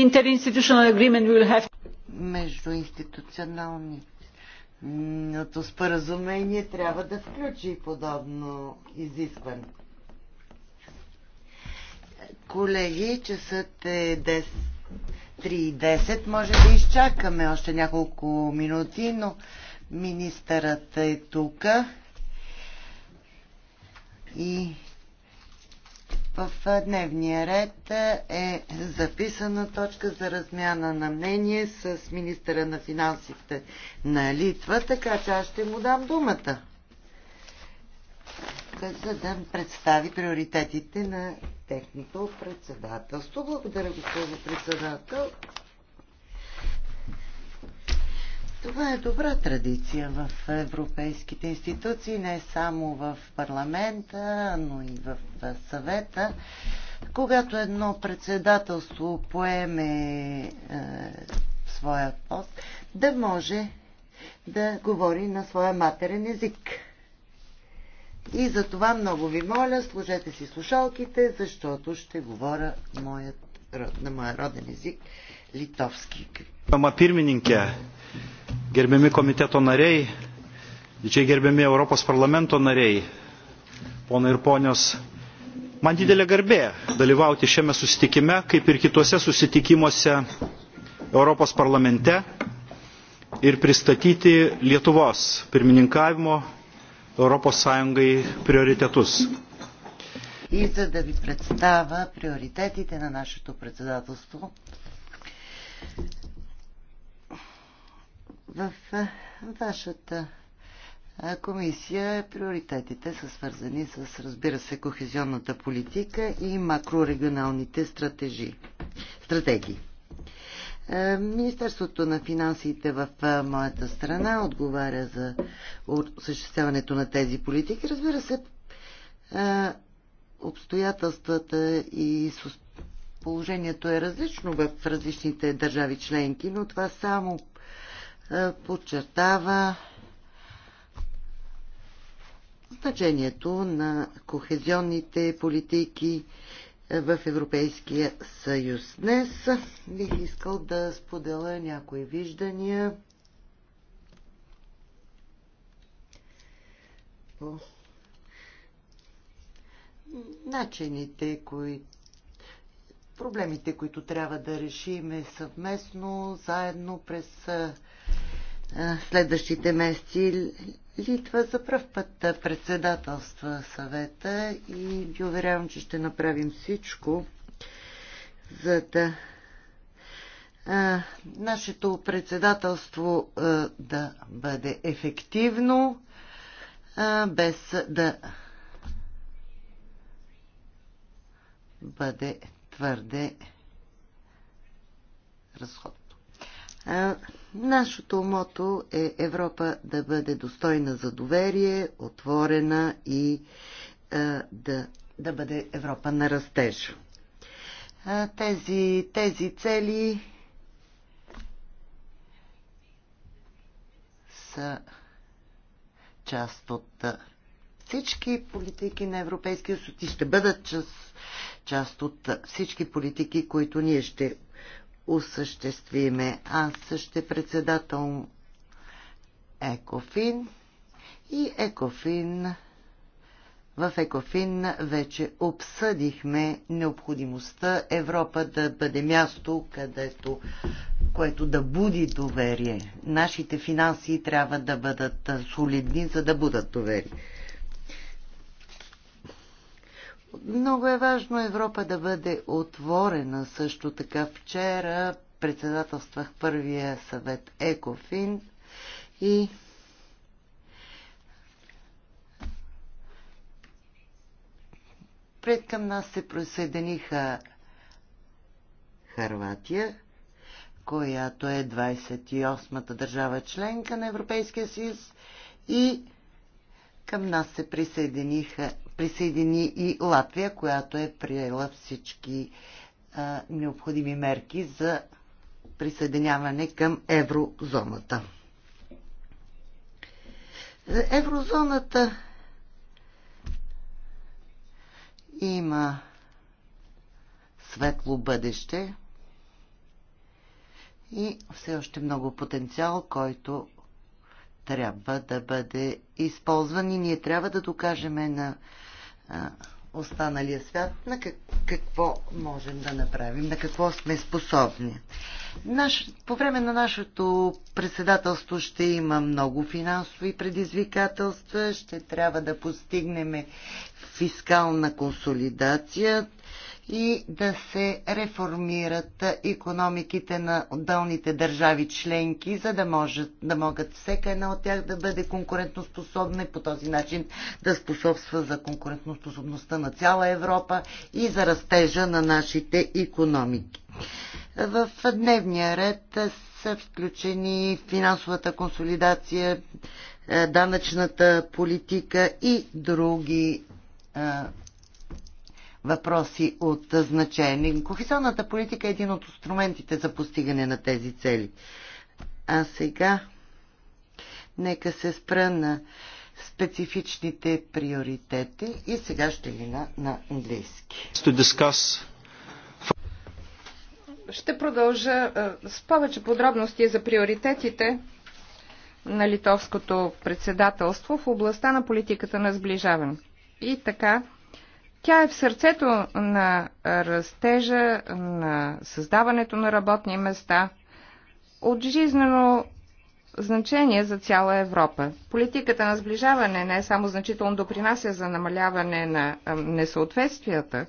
interinstitutional agreement we will have между институционалното споразумение трябва да включи подобно изискване. Колеги, часът е 10. 3.10. Може да изчакаме още няколко минути, но министърът е тук. И в дневния ред е записана точка за размяна на мнение с министъра на финансите на Литва, така че аз ще му дам думата, за да представи приоритетите на техното председателство. Благодаря, госпожо председател. Това е добра традиция в европейските институции, не само в парламента, но и в съвета. Когато едно председателство поеме е, своя пост, да може да говори на своя матерен език. И за това много ви моля, служете си слушалките, защото ще говоря моят, на моя роден език литовски. Ама пирмининке, gerbiami komiteto nariai, didžiai gerbiami Europos parlamento nariai, ponai ir ponios, man didelė garbė dalyvauti šiame susitikime, kaip ir kituose susitikimuose Europos parlamente ir pristatyti Lietuvos pirmininkavimo Europos Sąjungai prioritetus. И за да ви представя приоритетите на нашето председателство, в вашата комисия приоритетите са свързани с, разбира се, кохезионната политика и макрорегионалните стратегии. стратегии. Министерството на финансите в моята страна отговаря за осъществяването на тези политики. Разбира се, обстоятелствата и положението е различно в различните държави членки, но това само е, подчертава значението на кохезионните политики е, в Европейския съюз. Днес бих искал да споделя някои виждания по начините, кои... проблемите, които трябва да решиме съвместно, заедно през е, следващите месеци Литва за пръв път председателства съвета и ви уверявам, че ще направим всичко, за да а, нашето председателство а, да бъде ефективно, а, без да бъде твърде разходно. Нашето мото е Европа да бъде достойна за доверие, отворена и а, да, да бъде Европа на растеж. А, тези, тези цели са част от всички политики на Европейския съюз и ще бъдат част, част от всички политики, които ние ще осъществиме. Аз ще председател Екофин и Екофин в Екофин вече обсъдихме необходимостта Европа да бъде място, където, което да буди доверие. Нашите финанси трябва да бъдат солидни, за да будат доверие. Много е важно Европа да бъде отворена също така. Вчера председателствах първия съвет ЕКОФИН и пред към нас се присъединиха Харватия, която е 28-та държава членка на Европейския съюз и към нас се присъединиха присъедини и Латвия, която е приела всички а, необходими мерки за присъединяване към еврозоната. За еврозоната има светло бъдеще и все още много потенциал, който трябва да бъде използван и ние трябва да докажем на останалия свят, на как, какво можем да направим, на какво сме способни. Наш, по време на нашето председателство ще има много финансови предизвикателства, ще трябва да постигнем фискална консолидация, и да се реформират економиките на отделните държави членки, за да, може, да могат всека една от тях да бъде конкурентоспособна и по този начин да способства за конкурентоспособността на цяла Европа и за растежа на нашите економики. В дневния ред са включени финансовата консолидация, е, данъчната политика и други е, въпроси от значение. Кохесионната политика е един от инструментите за постигане на тези цели. А сега нека се спра на специфичните приоритети и сега ще на, на английски. Ще продължа е, с повече подробности за приоритетите на литовското председателство в областта на политиката на сближаване. И така, тя е в сърцето на растежа, на създаването на работни места, от жизнено значение за цяла Европа. Политиката на сближаване не е само значително допринася за намаляване на несъответствията,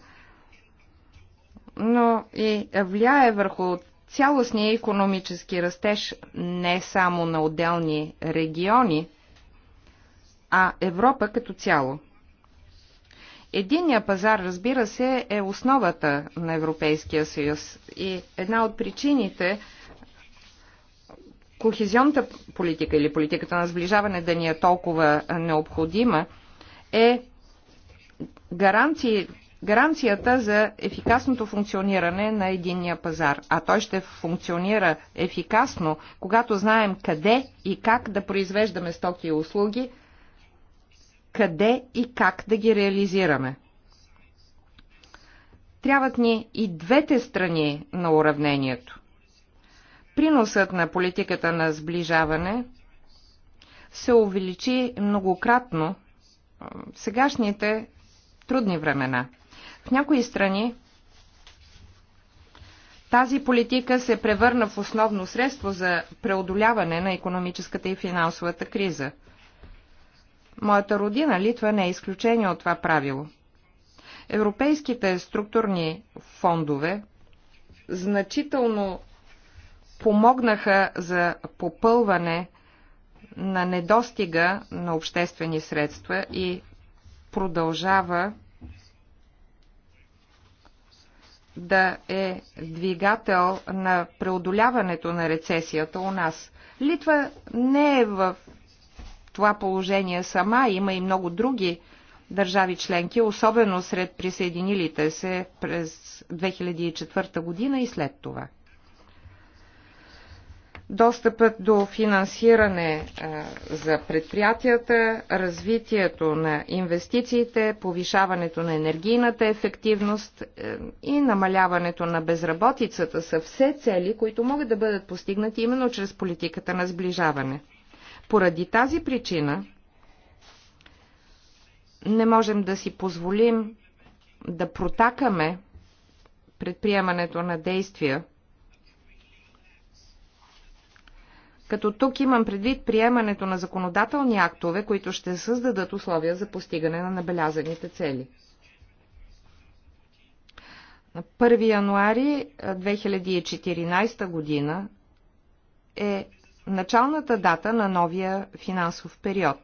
но и влияе върху цялостния економически растеж не само на отделни региони, а Европа като цяло. Единния пазар, разбира се, е основата на Европейския съюз и една от причините кохезионната политика или политиката на сближаване да ни е толкова необходима е гаранции, гаранцията за ефикасното функциониране на единния пазар. А той ще функционира ефикасно, когато знаем къде и как да произвеждаме стоки и услуги – къде и как да ги реализираме. Трябват ни и двете страни на уравнението. Приносът на политиката на сближаване се увеличи многократно в сегашните трудни времена. В някои страни тази политика се превърна в основно средство за преодоляване на економическата и финансовата криза – Моята родина Литва не е изключение от това правило. Европейските структурни фондове значително помогнаха за попълване на недостига на обществени средства и продължава да е двигател на преодоляването на рецесията у нас. Литва не е в това положение сама, има и много други държави членки, особено сред присъединилите се през 2004 година и след това. Достъпът до финансиране за предприятията, развитието на инвестициите, повишаването на енергийната ефективност е, и намаляването на безработицата са все цели, които могат да бъдат постигнати именно чрез политиката на сближаване. Поради тази причина не можем да си позволим да протакаме предприемането на действия, като тук имам предвид приемането на законодателни актове, които ще създадат условия за постигане на набелязаните цели. На 1 януари 2014 година е началната дата на новия финансов период.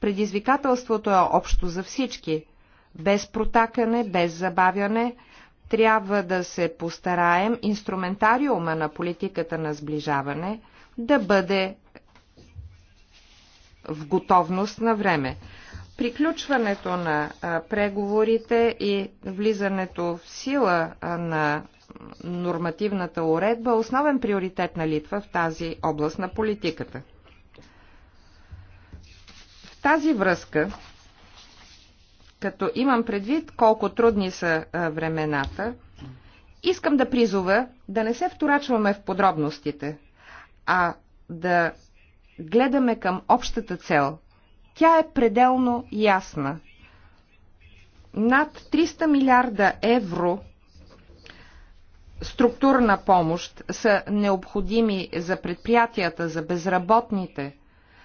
Предизвикателството е общо за всички. Без протакане, без забавяне, трябва да се постараем инструментариума на политиката на сближаване да бъде в готовност на време. Приключването на преговорите и влизането в сила на нормативната уредба е основен приоритет на Литва в тази област на политиката. В тази връзка, като имам предвид колко трудни са времената, искам да призова да не се вторачваме в подробностите, а да гледаме към общата цел. Тя е пределно ясна. Над 300 милиарда евро структурна помощ са необходими за предприятията, за безработните,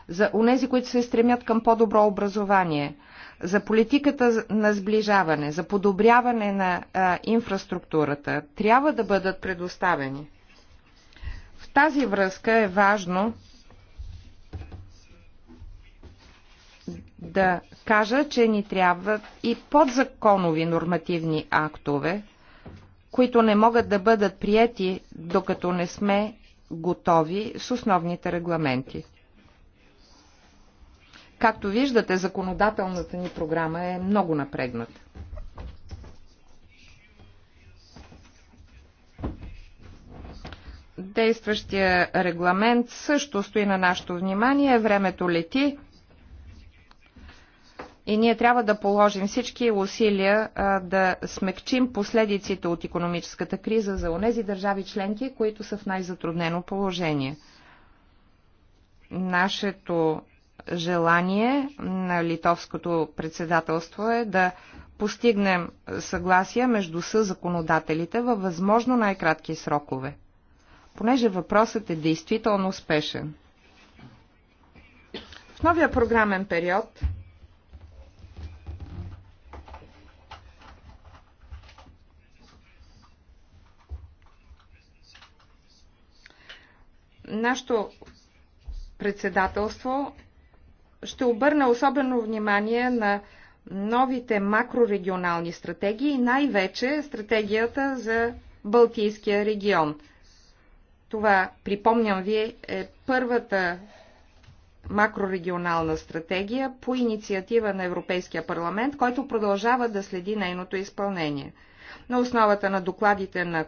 за унези, които се стремят към по-добро образование, за политиката на сближаване, за подобряване на а, инфраструктурата, трябва да бъдат предоставени. В тази връзка е важно да кажа, че ни трябват и подзаконови нормативни актове, които не могат да бъдат приети, докато не сме готови с основните регламенти. Както виждате, законодателната ни програма е много напрегната. Действащия регламент също стои на нашето внимание. Времето лети. И ние трябва да положим всички усилия а, да смекчим последиците от економическата криза за онези държави членки, които са в най-затруднено положение. Нашето желание на литовското председателство е да постигнем съгласие между съзаконодателите във възможно най-кратки срокове, понеже въпросът е действително спешен. В новия програмен период нашето председателство ще обърне особено внимание на новите макрорегионални стратегии и най-вече стратегията за Балтийския регион. Това, припомням ви, е първата макрорегионална стратегия по инициатива на Европейския парламент, който продължава да следи нейното изпълнение. На основата на докладите на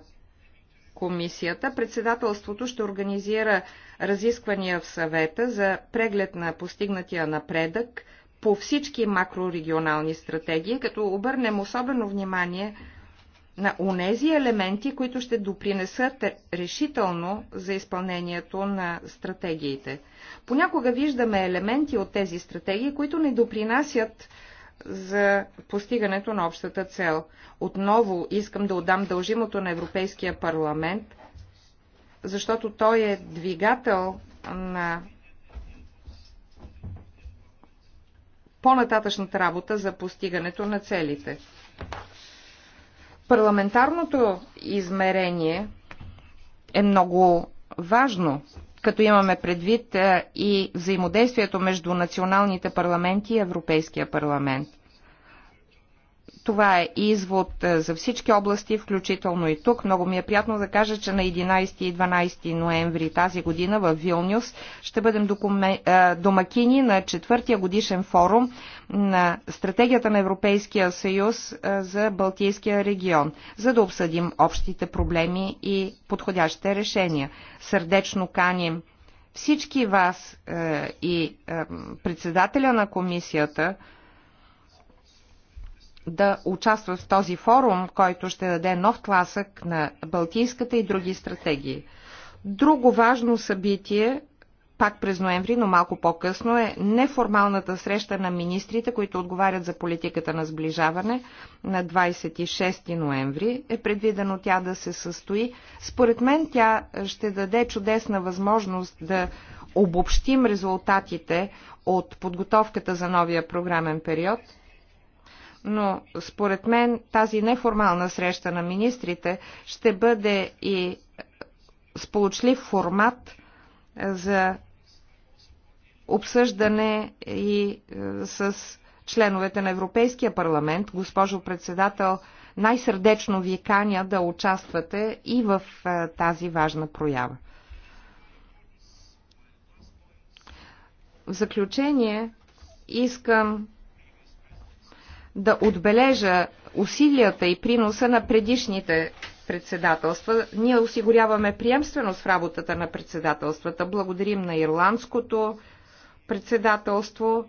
комисията, председателството ще организира разисквания в съвета за преглед на постигнатия напредък по всички макрорегионални стратегии, като обърнем особено внимание на онези елементи, които ще допринесат решително за изпълнението на стратегиите. Понякога виждаме елементи от тези стратегии, които не допринасят за постигането на общата цел. Отново искам да отдам дължимото на Европейския парламент, защото той е двигател на по-нататъчната работа за постигането на целите. Парламентарното измерение е много важно като имаме предвид и взаимодействието между националните парламенти и Европейския парламент. Това е извод е, за всички области, включително и тук. Много ми е приятно да кажа, че на 11 и 12 ноември тази година в Вилнюс ще бъдем е, домакини на четвъртия годишен форум на стратегията на Европейския съюз е, за Балтийския регион, за да обсъдим общите проблеми и подходящите решения. Сърдечно каним всички вас и председателя на комисията, да участват в този форум, който ще даде нов тласък на Балтийската и други стратегии. Друго важно събитие, пак през ноември, но малко по-късно, е неформалната среща на министрите, които отговарят за политиката на сближаване на 26 ноември. Е предвидено тя да се състои. Според мен тя ще даде чудесна възможност да обобщим резултатите от подготовката за новия програмен период – но според мен тази неформална среща на министрите ще бъде и е, сполучлив формат е, за обсъждане и е, с членовете на Европейския парламент. Госпожо председател, най-сърдечно ви каня да участвате и в тази важна проява. В заключение искам да отбележа усилията и приноса на предишните председателства. Ние осигуряваме приемственост в работата на председателствата. Благодарим на ирландското председателство,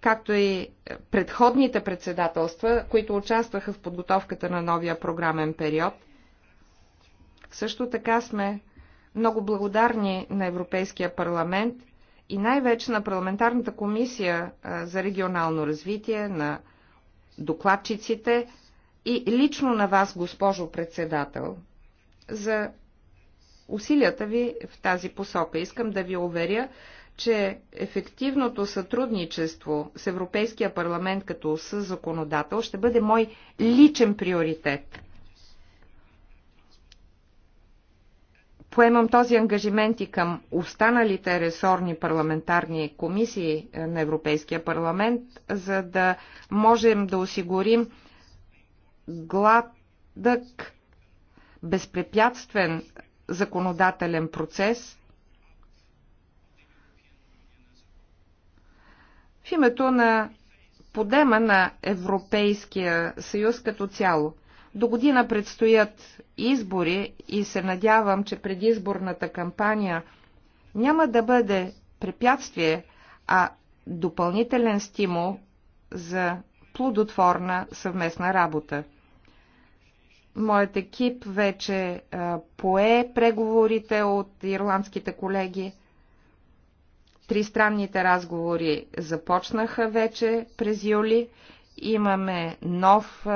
както и предходните председателства, които участваха в подготовката на новия програмен период. Също така сме много благодарни на Европейския парламент и най-вече на Парламентарната комисия за регионално развитие, на докладчиците и лично на вас, госпожо председател, за усилията ви в тази посока. Искам да ви уверя, че ефективното сътрудничество с Европейския парламент като със законодател ще бъде мой личен приоритет. Поемам този ангажимент и към останалите ресорни парламентарни комисии е, на Европейския парламент, за да можем да осигурим гладък, безпрепятствен законодателен процес в името на подема на Европейския съюз като цяло. До година предстоят избори и се надявам, че предизборната кампания няма да бъде препятствие, а допълнителен стимул за плодотворна съвместна работа. Моят екип вече пое преговорите от ирландските колеги. Тристранните разговори започнаха вече през юли. Имаме нов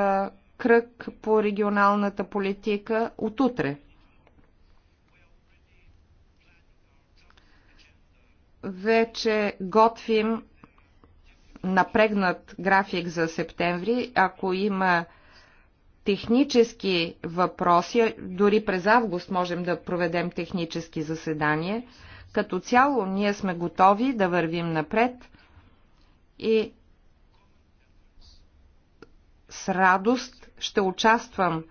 кръг по регионалната политика от утре. Вече готвим напрегнат график за септември. Ако има технически въпроси, дори през август можем да проведем технически заседания. Като цяло ние сме готови да вървим напред и с радост ще участвам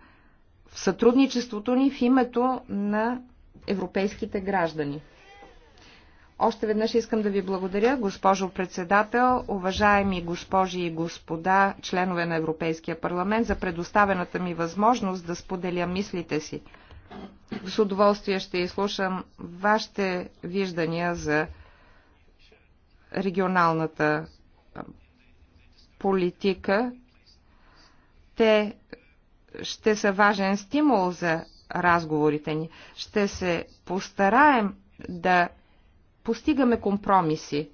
в сътрудничеството ни в името на европейските граждани. Още веднъж искам да ви благодаря, госпожо председател, уважаеми госпожи и господа, членове на Европейския парламент, за предоставената ми възможност да споделя мислите си. С удоволствие ще изслушам вашите виждания за регионалната политика те ще са важен стимул за разговорите ни. Ще се постараем да постигаме компромиси,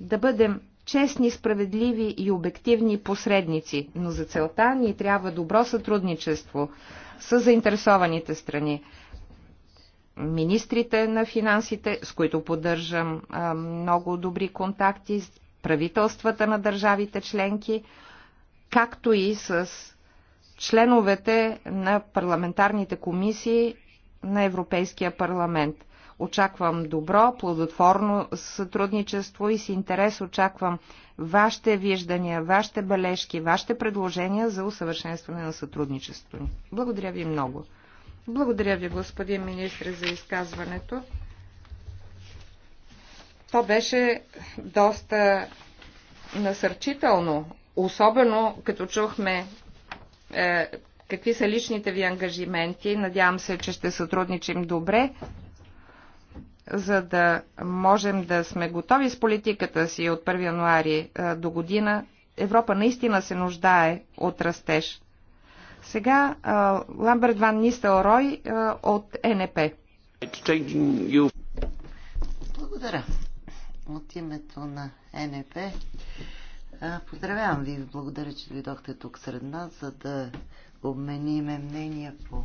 да бъдем честни, справедливи и обективни посредници, но за целта ни трябва добро сътрудничество с заинтересованите страни. Министрите на финансите, с които поддържам много добри контакти, правителствата на държавите членки, както и с членовете на парламентарните комисии на Европейския парламент. Очаквам добро, плодотворно сътрудничество и с интерес очаквам вашите виждания, вашите бележки, вашите предложения за усъвършенстване на сътрудничеството ни. Благодаря ви много. Благодаря ви, господин министр, за изказването. То беше доста насърчително, особено като чухме е, какви са личните ви ангажименти. Надявам се, че ще сътрудничим добре, за да можем да сме готови с политиката си от 1 януари е, до година. Европа наистина се нуждае от растеж. Сега е, Ламберт Ван Рой от НП. Благодаря. От името на НП Поздравявам ви и благодаря, че дойдохте тук сред нас, за да обмениме мнения по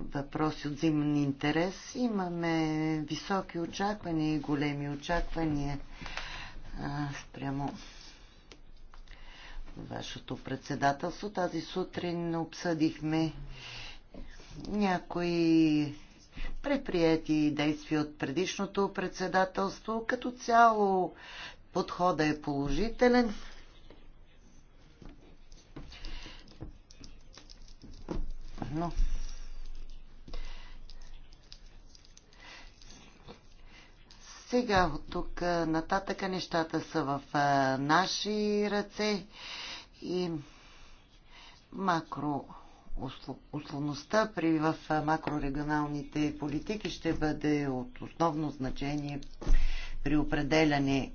въпроси от взимен интерес. Имаме високи очаквания и големи очаквания спрямо вашето председателство. Тази сутрин обсъдихме някои предприяти действия от предишното председателство. Като цяло подхода е положителен. Но сега от тук нататъка нещата са в наши ръце и макро условността при в макрорегионалните политики ще бъде от основно значение при определяне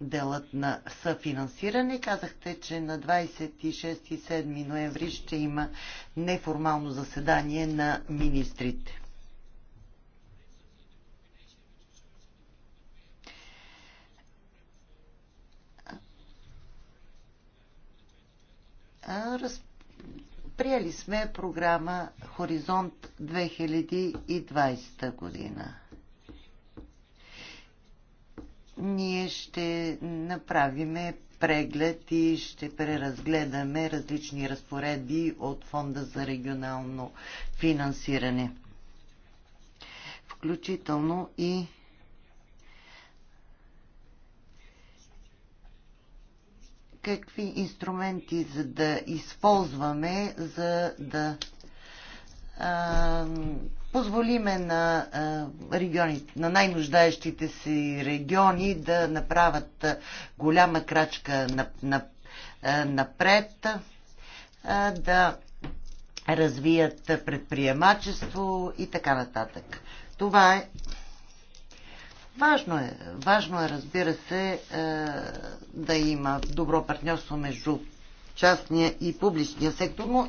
делът на съфинансиране. Казахте, че на 26 и 7 ноември ще има неформално заседание на министрите. Раз... Приели сме програма Хоризонт 2020 година ние ще направиме преглед и ще преразгледаме различни разпоредби от Фонда за регионално финансиране. Включително и какви инструменти за да използваме, за да а, позволиме на, региони, на най-нуждаещите си региони да направят голяма крачка напред, да развият предприемачество и така нататък. Това е Важно е, важно е, разбира се, да има добро партньорство между частния и публичния сектор, но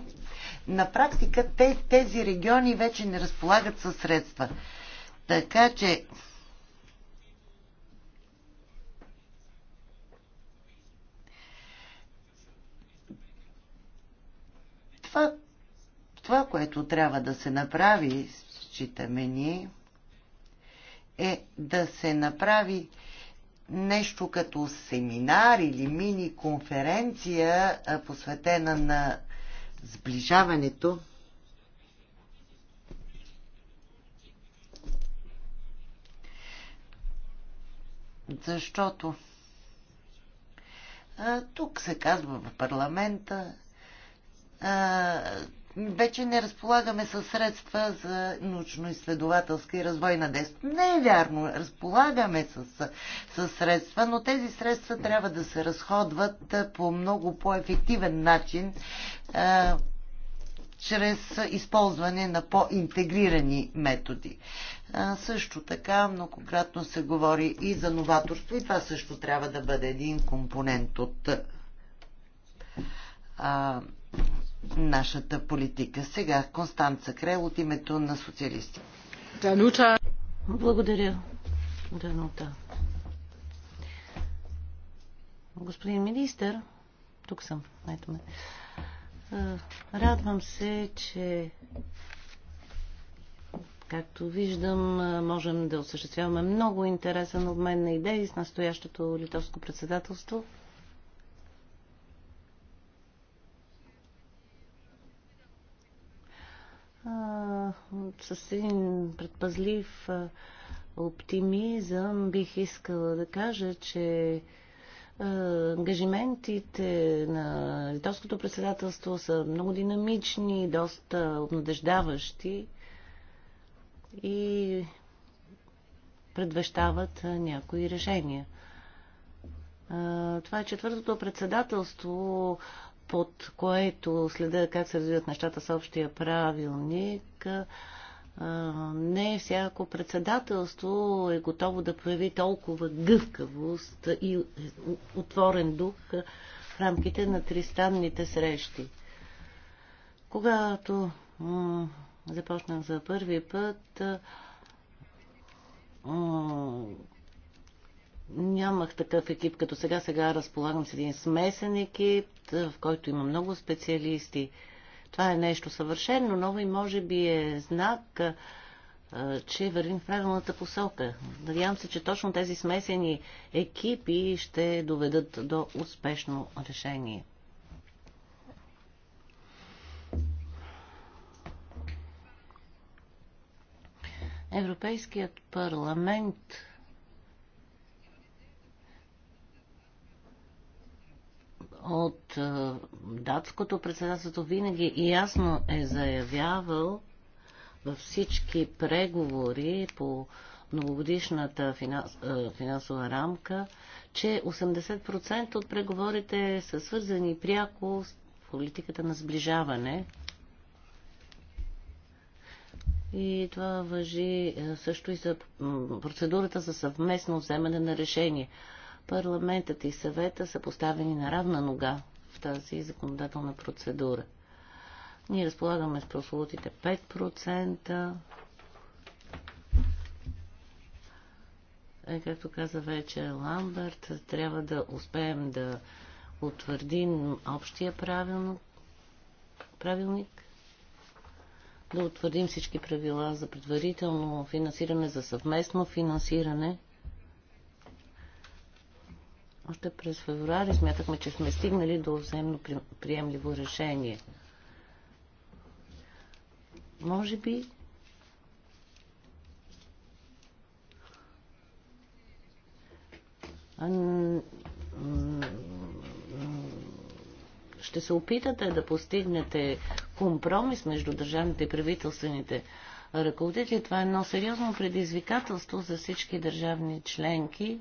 на практика те, тези региони вече не разполагат със средства. Така че това, това, което трябва да се направи, считаме ние, е да се направи нещо като семинар или мини-конференция, посветена на сближаването защото тук се казва в парламента, вече не разполагаме със средства за научно-изследователска и развойна дейност. Не е вярно, разполагаме с, с средства, но тези средства трябва да се разходват по много по-ефективен начин, а, чрез използване на по-интегрирани методи. А, също така многократно се говори и за новаторство и това също трябва да бъде един компонент от а, нашата политика. Сега Констанца Крел от името на социалисти. Данута. Благодаря, Данута. Господин министър, тук съм, ето ме. Радвам се, че както виждам, можем да осъществяваме много интересен обмен на идеи с настоящото литовско председателство – а, с един предпазлив а, оптимизъм бих искала да кажа, че ангажиментите на литовското председателство са много динамични, доста обнадеждаващи и предвещават някои решения. Това е четвъртото председателство под което следа как се развиват нещата с общия правилник, не всяко председателство е готово да прояви толкова гъвкавост и отворен дух в рамките на тристанните срещи. Когато започнах за първи път, Нямах такъв екип като сега. Сега разполагам с един смесен екип, в който има много специалисти. Това е нещо съвършено ново и може би е знак, че вървим в правилната посока. Надявам се, че точно тези смесени екипи ще доведат до успешно решение. Европейският парламент от е, датското председателство винаги ясно е заявявал във всички преговори по многогодишната е, финансова рамка, че 80% от преговорите са свързани пряко с политиката на сближаване. И това въжи е, също и за процедурата за съвместно вземане на решение. Парламентът и съвета са поставени на равна нога в тази законодателна процедура. Ние разполагаме с прослутите 5%. Е, както каза вече Ламберт, трябва да успеем да утвърдим общия правилно, правилник, да утвърдим всички правила за предварително финансиране, за съвместно финансиране – още през февруари смятахме, че сме стигнали до взаимно приемливо решение. Може би ще се опитате да постигнете компромис между държавните и правителствените ръководители. Това е едно сериозно предизвикателство за всички държавни членки.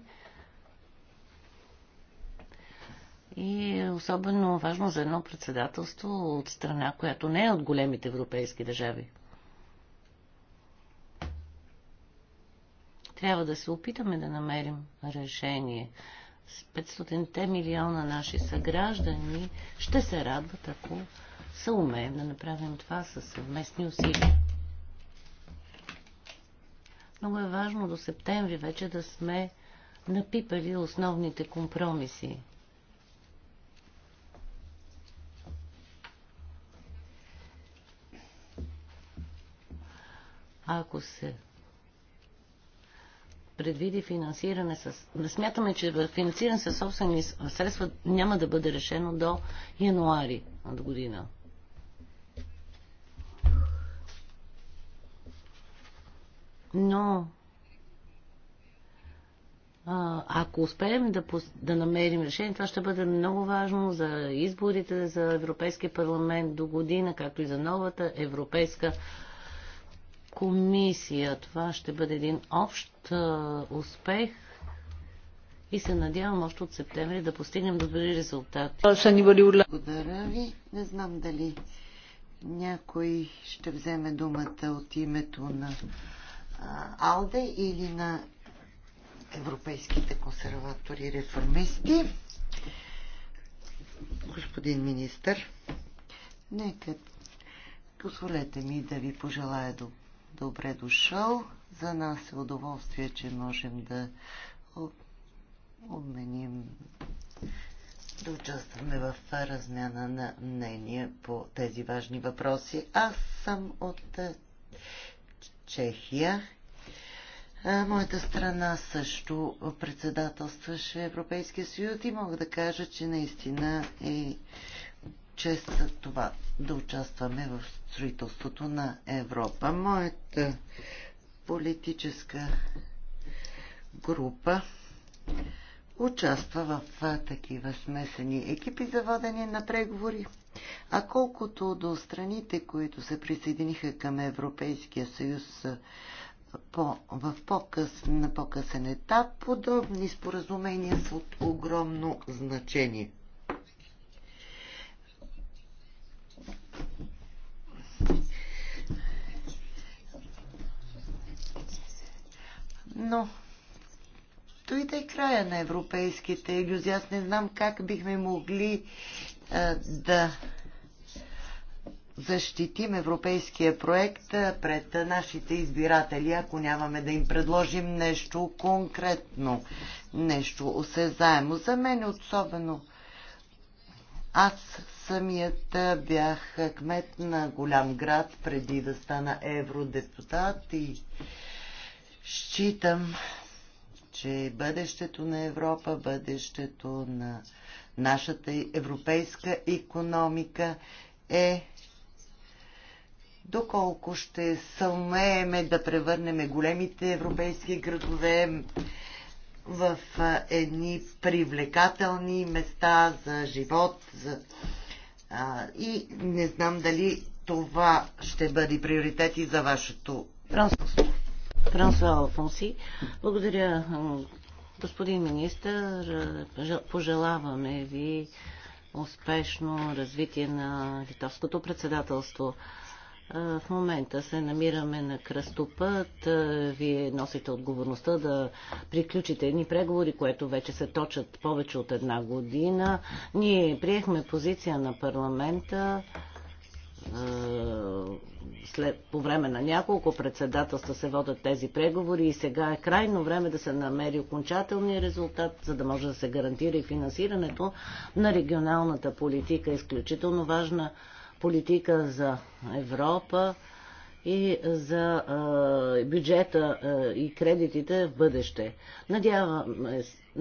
и е особено важно за едно председателство от страна, която не е от големите европейски държави. Трябва да се опитаме да намерим решение. 500-те милиона наши съграждани ще се радват, ако се умеем да направим това със съвместни усилия. Много е важно до септември вече да сме напипали основните компромиси Ако се предвиди финансиране с... Да смятаме, че финансиране с собствени средства няма да бъде решено до януари от година. Но ако успеем да, да намерим решение, това ще бъде много важно за изборите за Европейския парламент до година, както и за новата Европейска комисия. Това ще бъде един общ успех и се надявам още от септември да постигнем добри резултати. Благодаря ви. Не знам дали някой ще вземе думата от името на АЛДЕ или на европейските консерватори и реформисти. Господин министър, нека позволете ми да ви пожелая до добре дошъл. За нас е удоволствие, че можем да обменим, да участваме в размяна на мнения по тези важни въпроси. Аз съм от е, Чехия. Е, моята страна също председателстваше Европейския съюз и мога да кажа, че наистина е чест това да участваме в строителството на Европа. Моята политическа група участва в такива смесени екипи за водене на преговори. А колкото до страните, които се присъединиха към Европейския съюз по, в по-къс, на по-късен етап, подобни споразумения са от огромно значение. Но да и края на европейските иллюзии. Аз не знам как бихме могли а, да защитим европейския проект пред нашите избиратели, ако нямаме да им предложим нещо конкретно, нещо осезаемо. За мен особено аз самият бях кмет на голям град преди да стана евродепутат и Считам, че бъдещето на Европа, бъдещето на нашата европейска економика е доколко ще съмееме да превърнем големите европейски градове в едни привлекателни места за живот. За... А, и не знам дали това ще бъде приоритет и за вашето правителство. Франсуа Алфонси. Благодаря, господин министр. Пожелаваме ви успешно развитие на литовското председателство. В момента се намираме на кръстопът. Вие носите отговорността да приключите едни преговори, което вече се точат повече от една година. Ние приехме позиция на парламента след, по време на няколко председателства се водят тези преговори и сега е крайно време да се намери окончателния резултат, за да може да се гарантира и финансирането на регионалната политика, изключително важна политика за Европа и за а, бюджета а, и кредитите в бъдеще. Надявам,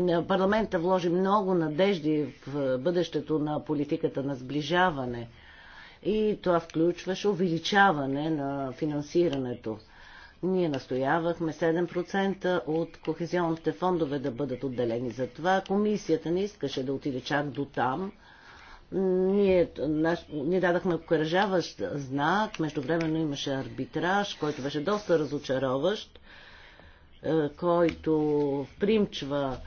се, парламента вложи много надежди в бъдещето на политиката на сближаване – и това включваше увеличаване на финансирането. Ние настоявахме 7% от кохезионните фондове да бъдат отделени за това. Комисията не искаше да отиде чак до там. Ние, наш, ние дадахме окоръжаващ знак. Междувременно имаше арбитраж, който беше доста разочароващ, е, който впримчва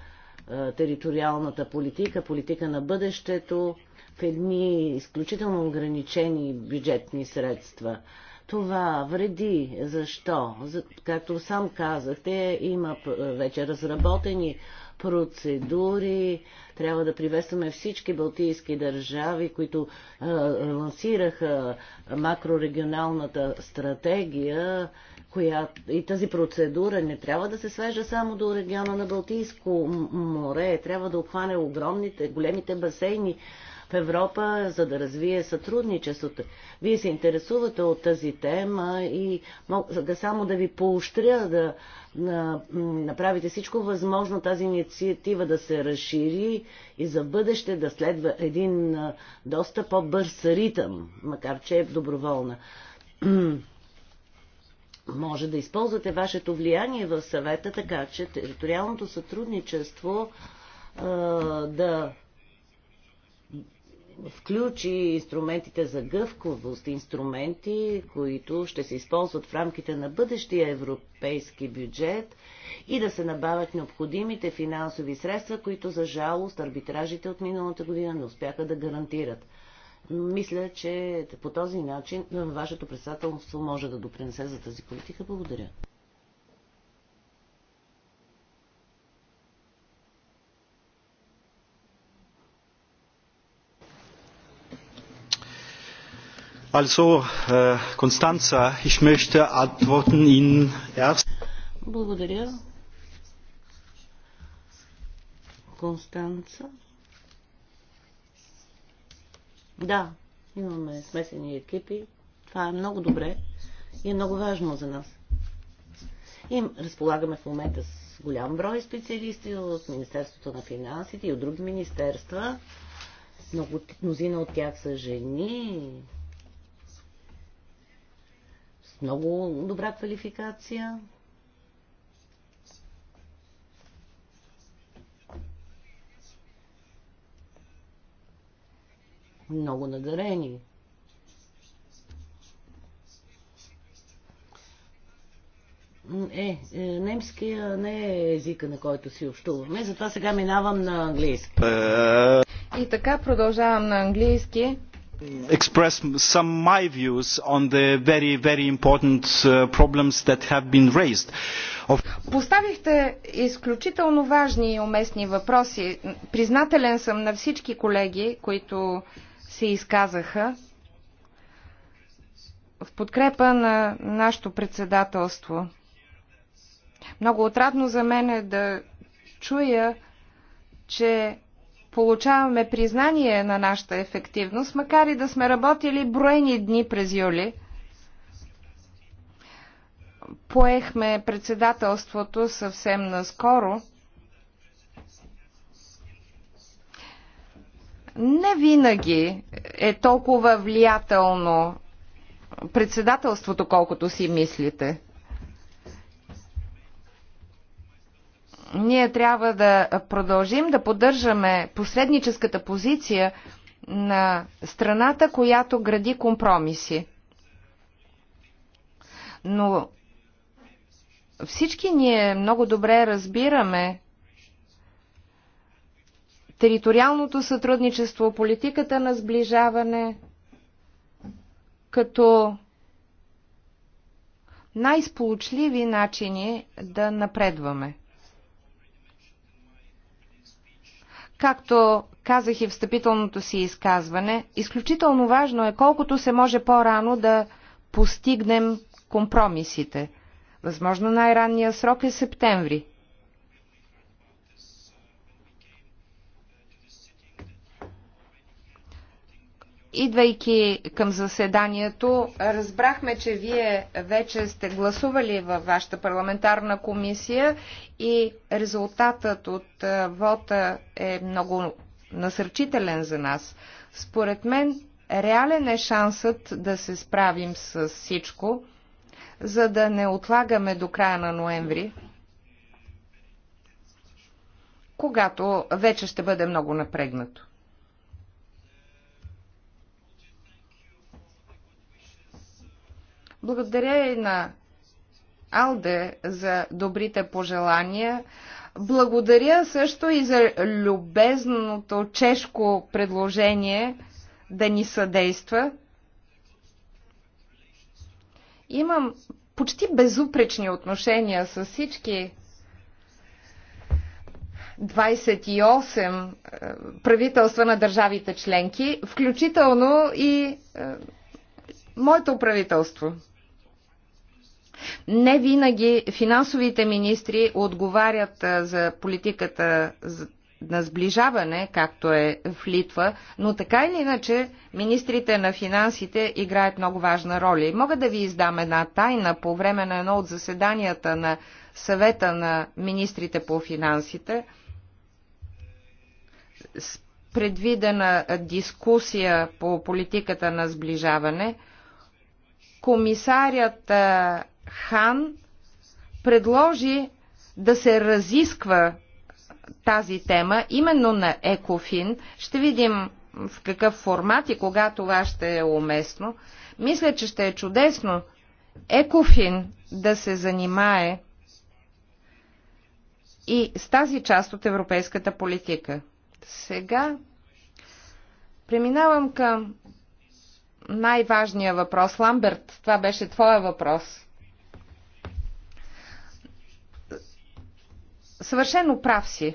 е, териториалната политика, политика на бъдещето в едни изключително ограничени бюджетни средства. Това вреди. Защо? За, както сам казахте, има вече разработени процедури. Трябва да приветстваме всички балтийски държави, които е, лансираха макрорегионалната стратегия, която и тази процедура не трябва да се свежа само до региона на Балтийско море, трябва да обхване огромните, големите басейни в Европа, за да развие сътрудничеството. Вие се интересувате от тази тема и да само да ви поощря да направите всичко възможно тази инициатива да се разшири и за бъдеще да следва един доста по-бърз ритъм, макар че е доброволна може да използвате вашето влияние в съвета, така че териториалното сътрудничество да включи инструментите за гъвковост, инструменти, които ще се използват в рамките на бъдещия европейски бюджет и да се набавят необходимите финансови средства, които за жалост арбитражите от миналата година не успяха да гарантират. Мисля, че по този начин вашето председателство може да допринесе за тази политика. Благодаря. Also, Констанца, äh, ich möchte antworten Ihnen erst. Благодаря. Констанца. Да, имаме смесени екипи. Това е много добре и е много важно за нас. И разполагаме в момента с голям брой специалисти от Министерството на финансите и от други министерства. Много, мнозина от тях са жени, много добра квалификация. Много надарени. Е, е, немския не е езика, на който си общуваме, затова сега минавам на английски. Е. И така продължавам на английски express some of my views on the very, very important uh, problems that have been raised. Поставихте изключително важни и уместни въпроси. Признателен съм на всички колеги, които се изказаха в подкрепа на нашето председателство. Много отрадно за мен е да чуя, че получаваме признание на нашата ефективност, макар и да сме работили броени дни през юли. Поехме председателството съвсем наскоро. Не винаги е толкова влиятелно председателството, колкото си мислите. Ние трябва да продължим да поддържаме посредническата позиция на страната, която гради компромиси. Но всички ние много добре разбираме териториалното сътрудничество, политиката на сближаване като най-сполучливи начини да напредваме. Както казах и встъпителното си изказване, изключително важно е колкото се може по-рано да постигнем компромисите. Възможно най-ранният срок е септември. идвайки към заседанието, разбрахме, че вие вече сте гласували във вашата парламентарна комисия и резултатът от вота е много насърчителен за нас. Според мен, реален е шансът да се справим с всичко, за да не отлагаме до края на ноември, когато вече ще бъде много напрегнато. Благодаря и на Алде за добрите пожелания. Благодаря също и за любезното чешко предложение да ни съдейства. Имам почти безупречни отношения с всички 28 е, правителства на държавите членки, включително и е, моето правителство. Не винаги финансовите министри отговарят за политиката на сближаване, както е в Литва, но така или иначе министрите на финансите играят много важна роля. И мога да ви издам една тайна по време на едно от заседанията на съвета на министрите по финансите. С предвидена дискусия по политиката на сближаване, комисарят Хан предложи да се разисква тази тема именно на Екофин. Ще видим в какъв формат и кога това ще е уместно. Мисля, че ще е чудесно Екофин да се занимае и с тази част от европейската политика. Сега преминавам към най-важния въпрос. Ламберт, това беше твоя въпрос. Съвършено прав си.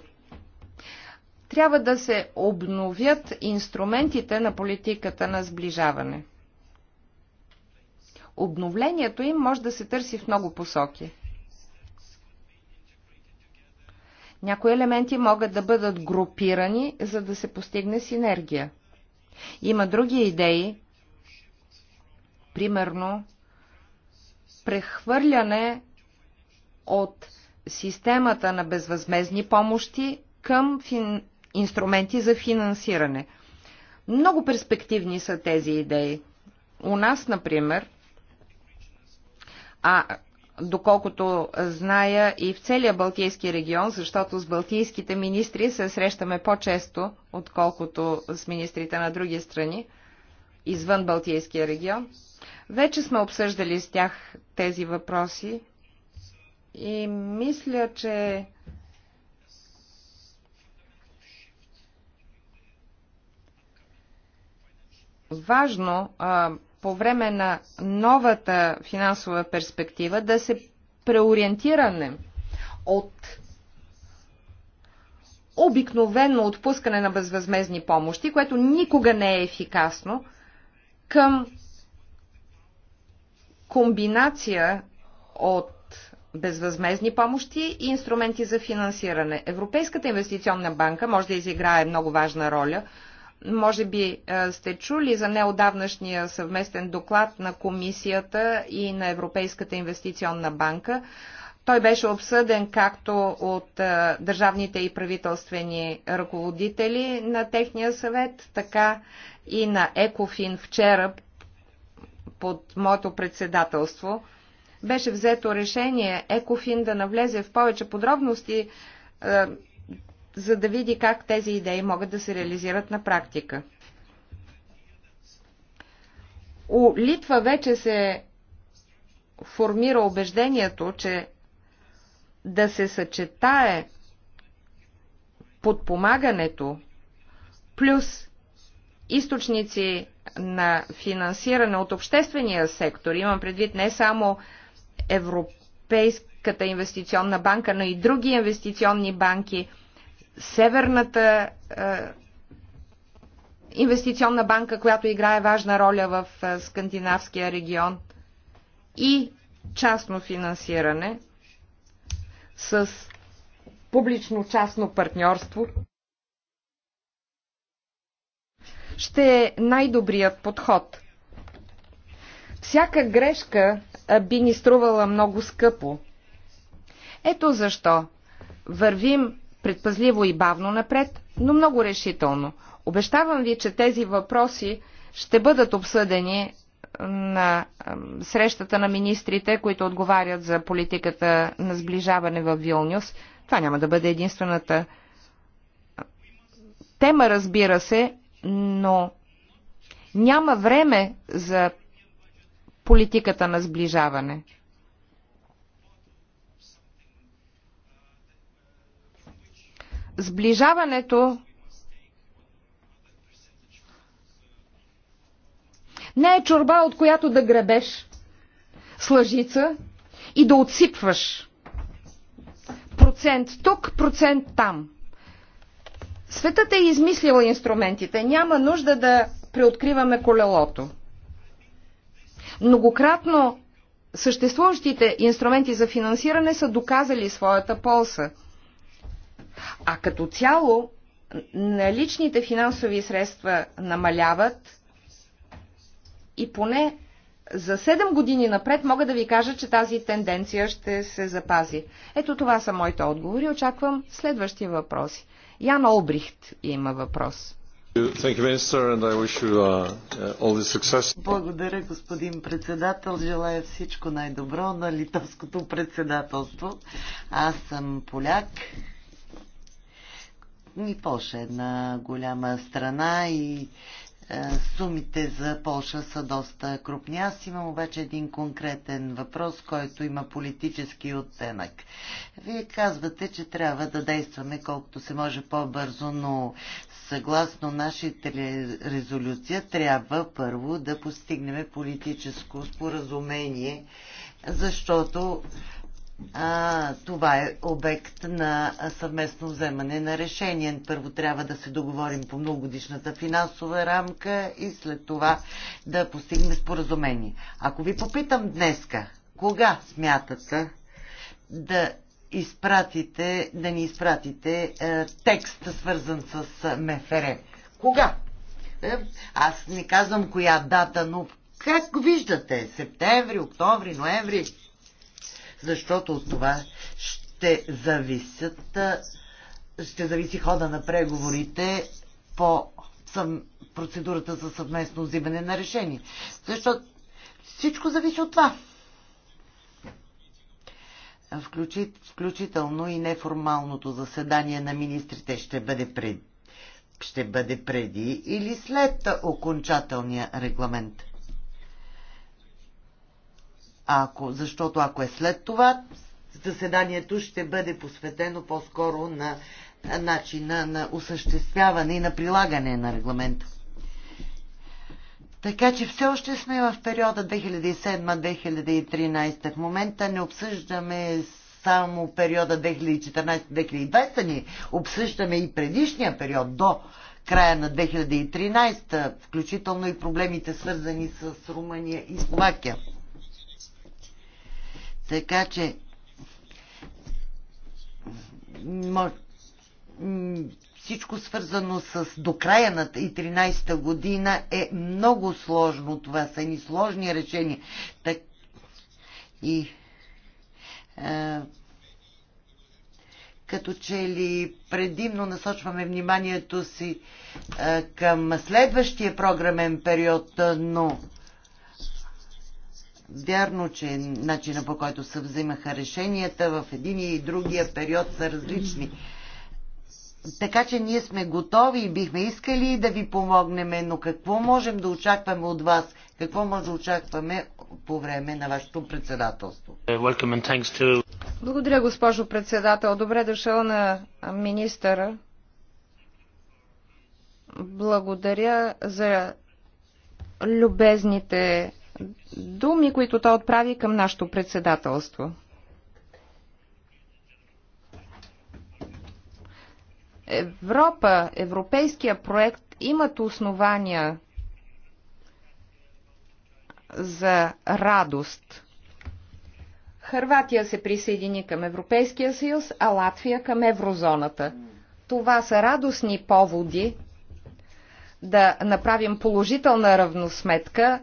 Трябва да се обновят инструментите на политиката на сближаване. Обновлението им може да се търси в много посоки. Някои елементи могат да бъдат групирани, за да се постигне синергия. Има други идеи, примерно прехвърляне от системата на безвъзмезни помощи към фин... инструменти за финансиране. Много перспективни са тези идеи. У нас, например, а доколкото зная и в целия Балтийски регион, защото с балтийските министри се срещаме по-често, отколкото с министрите на други страни, извън Балтийския регион. Вече сме обсъждали с тях тези въпроси и мисля, че важно а, по време на новата финансова перспектива да се преориентиране от обикновено отпускане на безвъзмезни помощи, което никога не е ефикасно, към комбинация от безвъзмезни помощи и инструменти за финансиране. Европейската инвестиционна банка може да изиграе много важна роля. Може би сте чули за неодавнашния съвместен доклад на комисията и на Европейската инвестиционна банка. Той беше обсъден както от държавните и правителствени ръководители на техния съвет, така и на Екофин вчера под моето председателство – беше взето решение Екофин да навлезе в повече подробности, е, за да види как тези идеи могат да се реализират на практика. У Литва вече се формира убеждението, че да се съчетае подпомагането плюс източници на финансиране от обществения сектор, имам предвид не само Европейската инвестиционна банка, но и други инвестиционни банки, Северната е, инвестиционна банка, която играе важна роля в е, скандинавския регион и частно финансиране с публично-частно партньорство ще е най-добрият подход – всяка грешка би ни струвала много скъпо. Ето защо вървим предпазливо и бавно напред, но много решително. Обещавам ви, че тези въпроси ще бъдат обсъдени на срещата на министрите, които отговарят за политиката на сближаване в Вилнюс. Това няма да бъде единствената тема, разбира се, но няма време за политиката на сближаване. Сближаването не е чорба, от която да гребеш с лъжица и да отсипваш процент тук, процент там. Светът е измислил инструментите. Няма нужда да преоткриваме колелото. Многократно съществуващите инструменти за финансиране са доказали своята полза. А като цяло наличните финансови средства намаляват и поне за 7 години напред мога да ви кажа, че тази тенденция ще се запази. Ето това са моите отговори. Очаквам следващи въпроси. Яна Обрихт има въпрос. Uh, uh, Благодаря, господин председател. Желая всичко най-добро на литовското председателство. Аз съм поляк. И Польша е една голяма страна и е, сумите за Польша са доста крупни. Аз имам обаче един конкретен въпрос, който има политически оттенък. Вие казвате, че трябва да действаме колкото се може по-бързо, но съгласно нашите резолюция, трябва първо да постигнем политическо споразумение, защото а, това е обект на съвместно вземане на решение. Първо трябва да се договорим по многогодишната финансова рамка и след това да постигнем споразумение. Ако ви попитам днеска, кога смятате да изпратите, да ни изпратите е, текст, свързан с е, МФР. Кога? Е, аз не казвам коя дата, но как виждате? Септември, октомври, ноември? Защото от това ще зависят, е, ще зависи хода на преговорите по съм, процедурата за съвместно взимане на решение. Защото всичко зависи от това включително и неформалното заседание на министрите ще бъде, пред, ще бъде преди или след окончателния регламент. Ако, защото ако е след това, заседанието ще бъде посветено по-скоро на начина на осъществяване и на прилагане на регламента. Така че все още сме в периода 2007-2013. В момента не обсъждаме само периода 2014-2020, ни обсъждаме и предишния период до края на 2013, включително и проблемите свързани с Румъния и Словакия. Така че всичко свързано с до края на 13-та година е много сложно. Това са ни сложни решения. Так... И а, като че ли предимно насочваме вниманието си а, към следващия програмен период, но Вярно, че начина по който се взимаха решенията в един и другия период са различни. Така че ние сме готови и бихме искали да ви помогнем, но какво можем да очакваме от вас? Какво може да очакваме по време на вашето председателство? Uh, Благодаря, госпожо председател. Добре дошъл на министъра. Благодаря за любезните думи, които той отправи към нашето председателство. Европа, европейския проект имат основания за радост. Харватия се присъедини към Европейския съюз, а Латвия към еврозоната. Това са радостни поводи да направим положителна равносметка,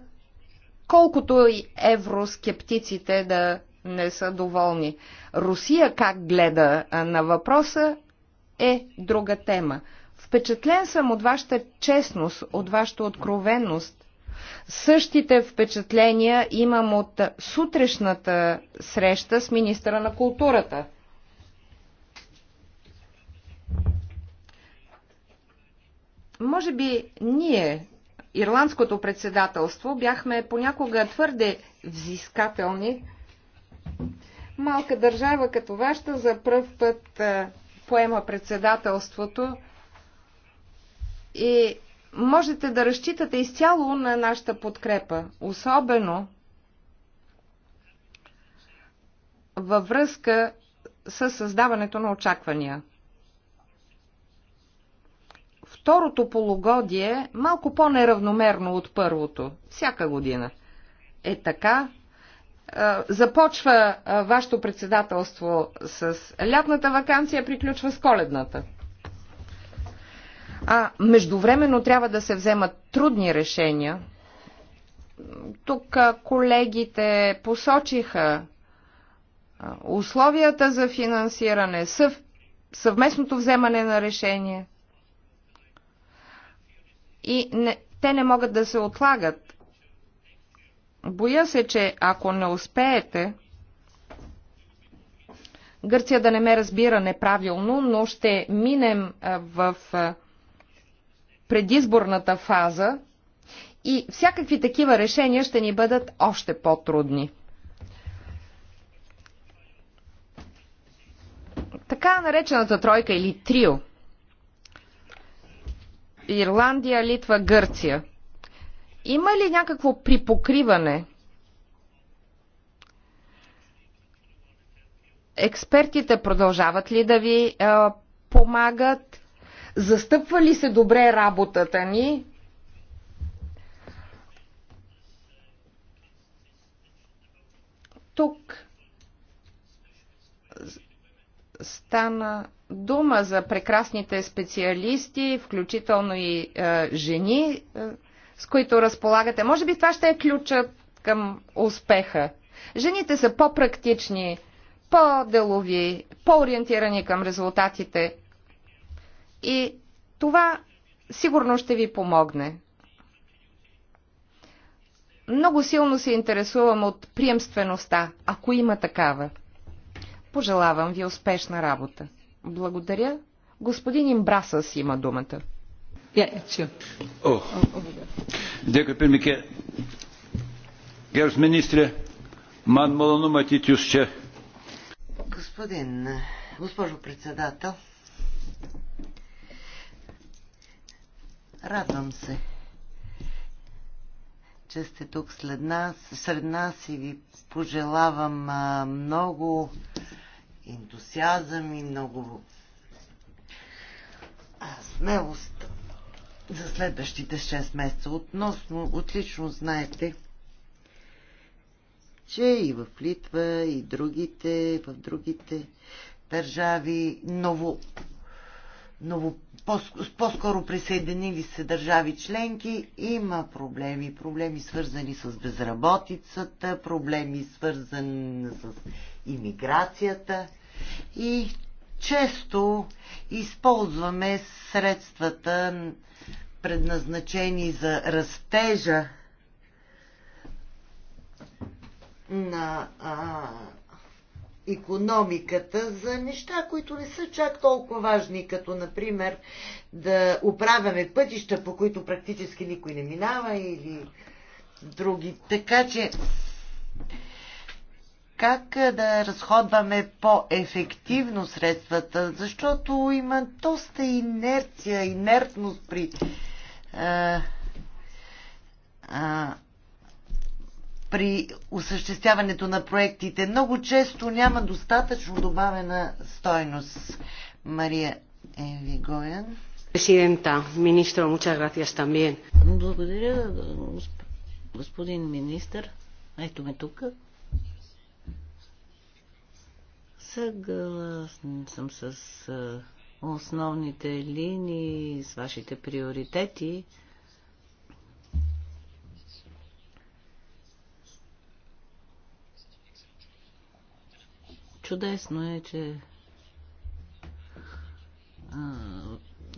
колкото и евроскептиците да не са доволни. Русия как гледа на въпроса, е друга тема. Впечатлен съм от вашата честност, от вашата откровенност. Същите впечатления имам от сутрешната среща с министра на културата. Може би ние, ирландското председателство, бяхме понякога твърде взискателни. Малка държава като вашата за пръв път поема председателството и можете да разчитате изцяло на нашата подкрепа, особено във връзка с създаването на очаквания. Второто полугодие малко по-неравномерно от първото, всяка година. Е така, започва вашето председателство с лятната вакансия, приключва с коледната. А междувременно трябва да се вземат трудни решения. Тук колегите посочиха условията за финансиране, съв, съвместното вземане на решение. И не, те не могат да се отлагат. Боя се, че ако не успеете, Гърция да не ме разбира неправилно, но ще минем в предизборната фаза и всякакви такива решения ще ни бъдат още по-трудни. Така наречената тройка или трио Ирландия, Литва, Гърция има ли някакво припокриване? Експертите продължават ли да ви е, помагат? Застъпва ли се добре работата ни? Тук стана дума за прекрасните специалисти, включително и е, жени. Е, с които разполагате. Може би това ще е ключът към успеха. Жените са по-практични, по-делови, по-ориентирани към резултатите. И това сигурно ще ви помогне. Много силно се интересувам от приемствеността, ако има такава. Пожелавам ви успешна работа. Благодаря. Господин Имбрасъс има думата. Oh. Dėkui, pirmikė. Geras man malonu matyti jūs čia. Господин, госпожо председател, радвам се, че сте тук след нас, сред нас и ви пожелавам много ентусиазъм и много смелост за следващите 6 месеца. Относно, отлично знаете, че и в Литва, и другите, в другите държави, ново, ново по-скоро присъединили се държави членки, има проблеми. Проблеми свързани с безработицата, проблеми свързани с иммиграцията. И често използваме средствата, предназначени за растежа на а, економиката за неща, които не са чак толкова важни, като например да управяме пътища, по които практически никой не минава или други. Така че как е, да разходваме по-ефективно средствата, защото има доста инерция, инертност при а, е, а, е, при осъществяването на проектите. Много често няма достатъчно добавена стойност. Мария Евигоян. Президента, министър, муча gracias también. Благодаря, господин министр. Ето ме тук. Съгласен съм с основните линии, с вашите приоритети. Чудесно е, че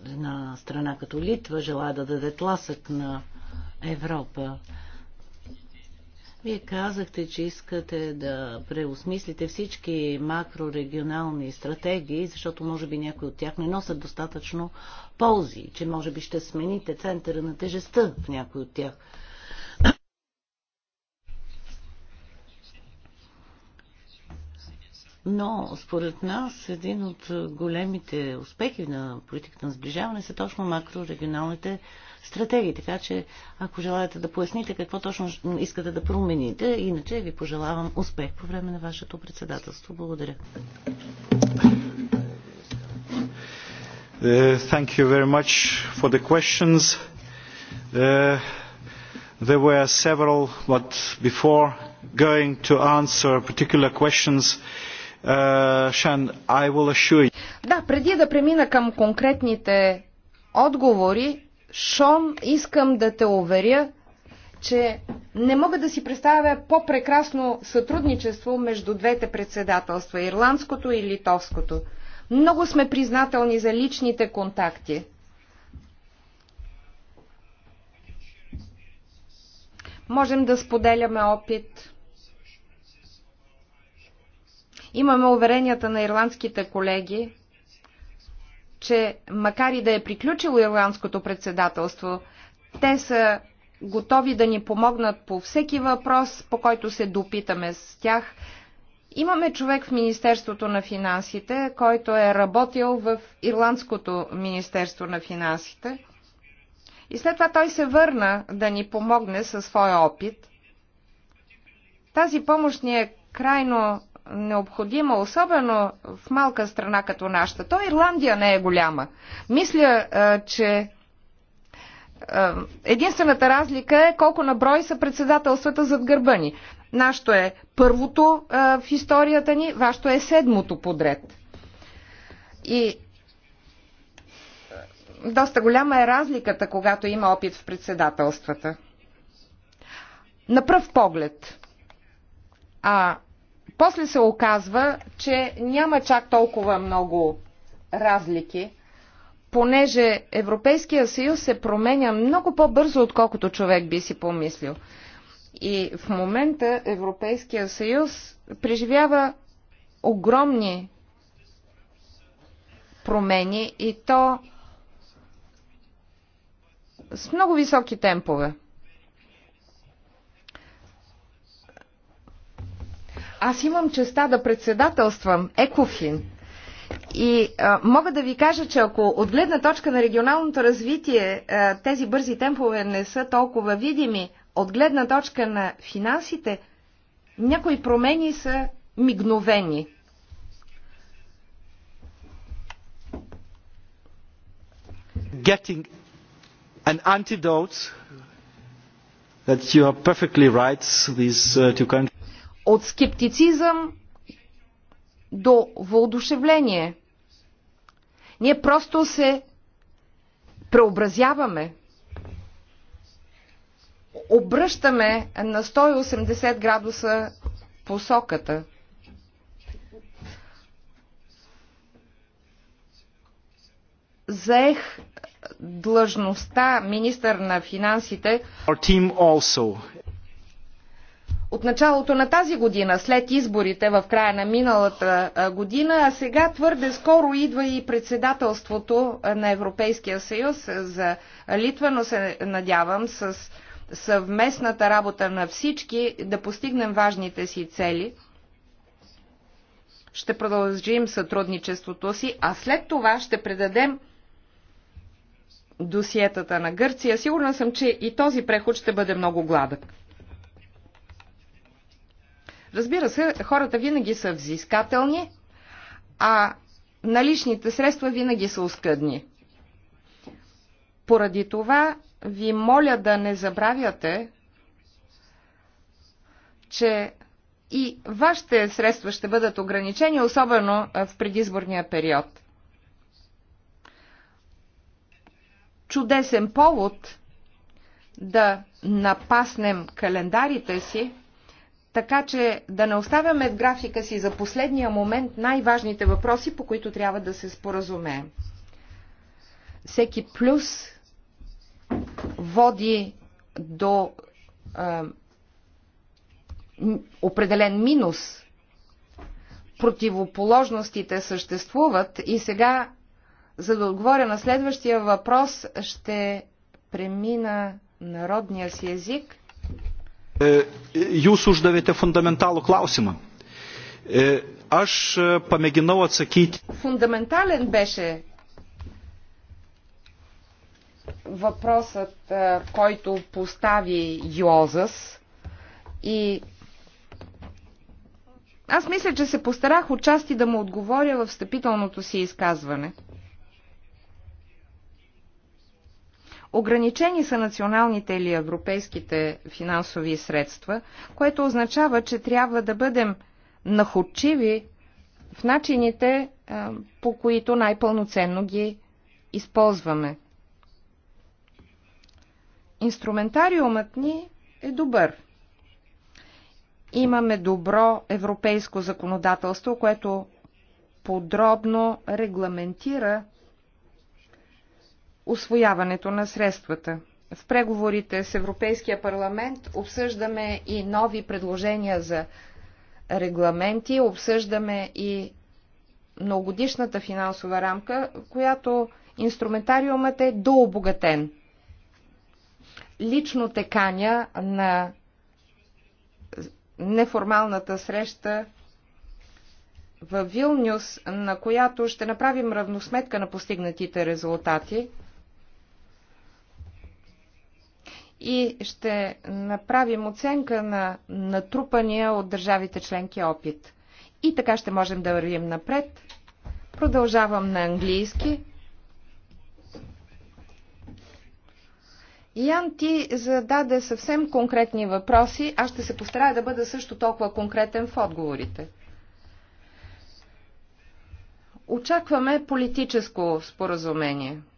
една страна като Литва желая да даде тласък на Европа. Вие казахте, че искате да преосмислите всички макрорегионални стратегии, защото може би някои от тях не носят достатъчно ползи, че може би ще смените центъра на тежестта в някои от тях. Но според нас един от големите успехи на политиката на сближаване са точно макрорегионалните стратегии стратегии. Така че, ако желаете да поясните какво точно искате да промените, иначе ви пожелавам успех по време на вашето председателство. Благодаря. Uh, thank you very much for the questions. Uh, there were several, but before going to answer particular questions, uh, Shan, I will assure you. Да, преди да премина към конкретните отговори, Шон, искам да те уверя, че не мога да си представя по-прекрасно сътрудничество между двете председателства ирландското и литовското. Много сме признателни за личните контакти. Можем да споделяме опит. Имаме уверенията на ирландските колеги, че макар и да е приключило ирландското председателство, те са готови да ни помогнат по всеки въпрос, по който се допитаме с тях. Имаме човек в Министерството на финансите, който е работил в Ирландското Министерство на финансите. И след това той се върна да ни помогне със своя опит. Тази помощ ни е крайно необходима, особено в малка страна като нашата. То Ирландия не е голяма. Мисля, е, че е, единствената разлика е колко на брой са председателствата зад гърба ни. Нашето е първото е, в историята ни, вашето е седмото подред. И доста голяма е разликата, когато има опит в председателствата. На пръв поглед. А после се оказва, че няма чак толкова много разлики, понеже Европейския съюз се променя много по-бързо, отколкото човек би си помислил. И в момента Европейския съюз преживява огромни промени и то с много високи темпове. Аз имам честа да председателствам Екофин и а, мога да ви кажа, че ако от гледна точка на регионалното развитие а, тези бързи темпове не са толкова видими, от гледна точка на финансите някои промени са мигновени. Getting an antidote that you are perfectly right, these uh, two countries. От скептицизъм до въодушевление. Ние просто се преобразяваме. Обръщаме на 180 градуса посоката. Заех длъжността министър на финансите. Our team also от началото на тази година, след изборите в края на миналата година, а сега твърде скоро идва и председателството на Европейския съюз за Литва, но се надявам с съвместната работа на всички да постигнем важните си цели. Ще продължим сътрудничеството си, а след това ще предадем досиетата на Гърция. Сигурна съм, че и този преход ще бъде много гладък. Разбира се, хората винаги са взискателни, а наличните средства винаги са оскъдни. Поради това ви моля да не забравяте, че и вашите средства ще бъдат ограничени, особено в предизборния период. Чудесен повод да напаснем календарите си така че да не оставяме в графика си за последния момент най-важните въпроси, по които трябва да се споразумеем. Всеки плюс води до е, определен минус. Противоположностите съществуват и сега, за да отговоря на следващия въпрос, ще премина народния си език – е, jūs uždavėte fundamentalų klausimą. Е, aš е, pamėginau atsakyti. Fundamentalin беше въпросът, който постави Йозас и аз мисля, че се постарах отчасти да му отговоря в встъпителното си изказване. Ограничени са националните или европейските финансови средства, което означава, че трябва да бъдем находчиви в начините, е, по които най-пълноценно ги използваме. Инструментариумът ни е добър. Имаме добро европейско законодателство, което подробно регламентира освояването на средствата. В преговорите с Европейския парламент обсъждаме и нови предложения за регламенти, обсъждаме и многогодишната финансова рамка, която инструментариумът е дообогатен. Лично теканя на неформалната среща в Вилнюс, на която ще направим равносметка на постигнатите резултати – и ще направим оценка на натрупания от държавите членки опит. И така ще можем да вървим напред. Продължавам на английски. Ян ти зададе съвсем конкретни въпроси. Аз ще се постарая да бъда също толкова конкретен в отговорите. Очакваме политическо споразумение –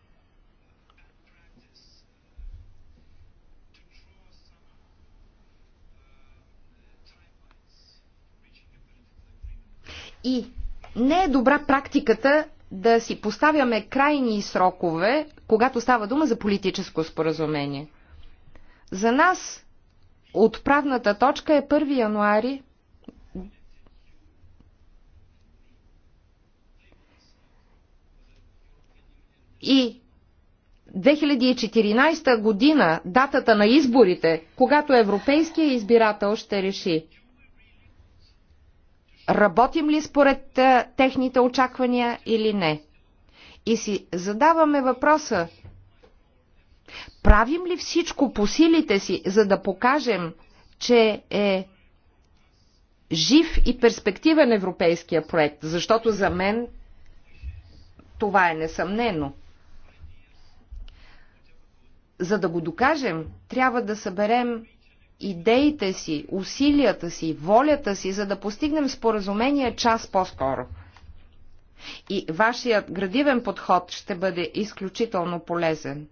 И не е добра практиката да си поставяме крайни срокове, когато става дума за политическо споразумение. За нас отправната точка е 1 януари и 2014 година, датата на изборите, когато европейския избирател ще реши Работим ли според техните очаквания или не? И си задаваме въпроса, правим ли всичко по силите си, за да покажем, че е жив и перспективен европейския проект, защото за мен това е несъмнено. За да го докажем, трябва да съберем идеите си, усилията си, волята си, за да постигнем споразумение час по-скоро. И вашият градивен подход ще бъде изключително полезен.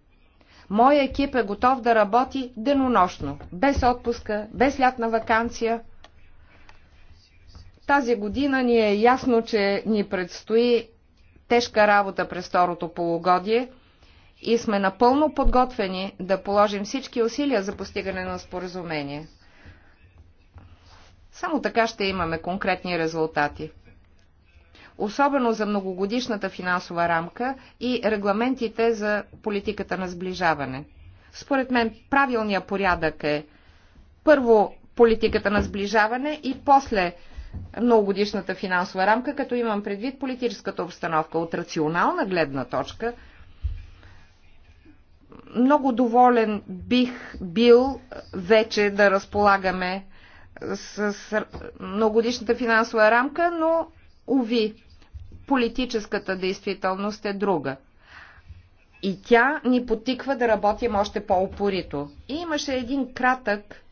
Моя екип е готов да работи денонощно, без отпуска, без лятна вакансия. Тази година ни е ясно, че ни предстои тежка работа през второто полугодие – и сме напълно подготвени да положим всички усилия за постигане на споразумение. Само така ще имаме конкретни резултати. Особено за многогодишната финансова рамка и регламентите за политиката на сближаване. Според мен правилният порядък е първо политиката на сближаване и после многогодишната финансова рамка, като имам предвид политическата обстановка. От рационална гледна точка – много доволен бих бил вече да разполагаме с многодишната финансова рамка, но уви, политическата действителност е друга. И тя ни потиква да работим още по-упорито. И имаше един кратък,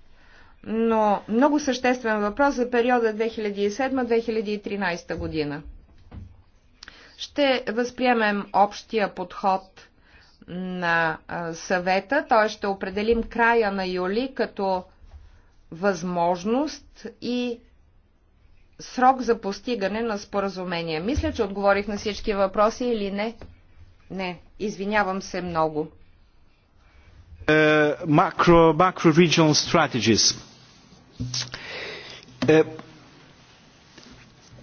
но много съществен въпрос за периода 2007-2013 година. Ще възприемем общия подход – на съвета. Той ще определим края на юли като възможност и срок за постигане на споразумение. Мисля, че отговорих на всички въпроси или не? Не, извинявам се много. Е, макро macro, Uh, е,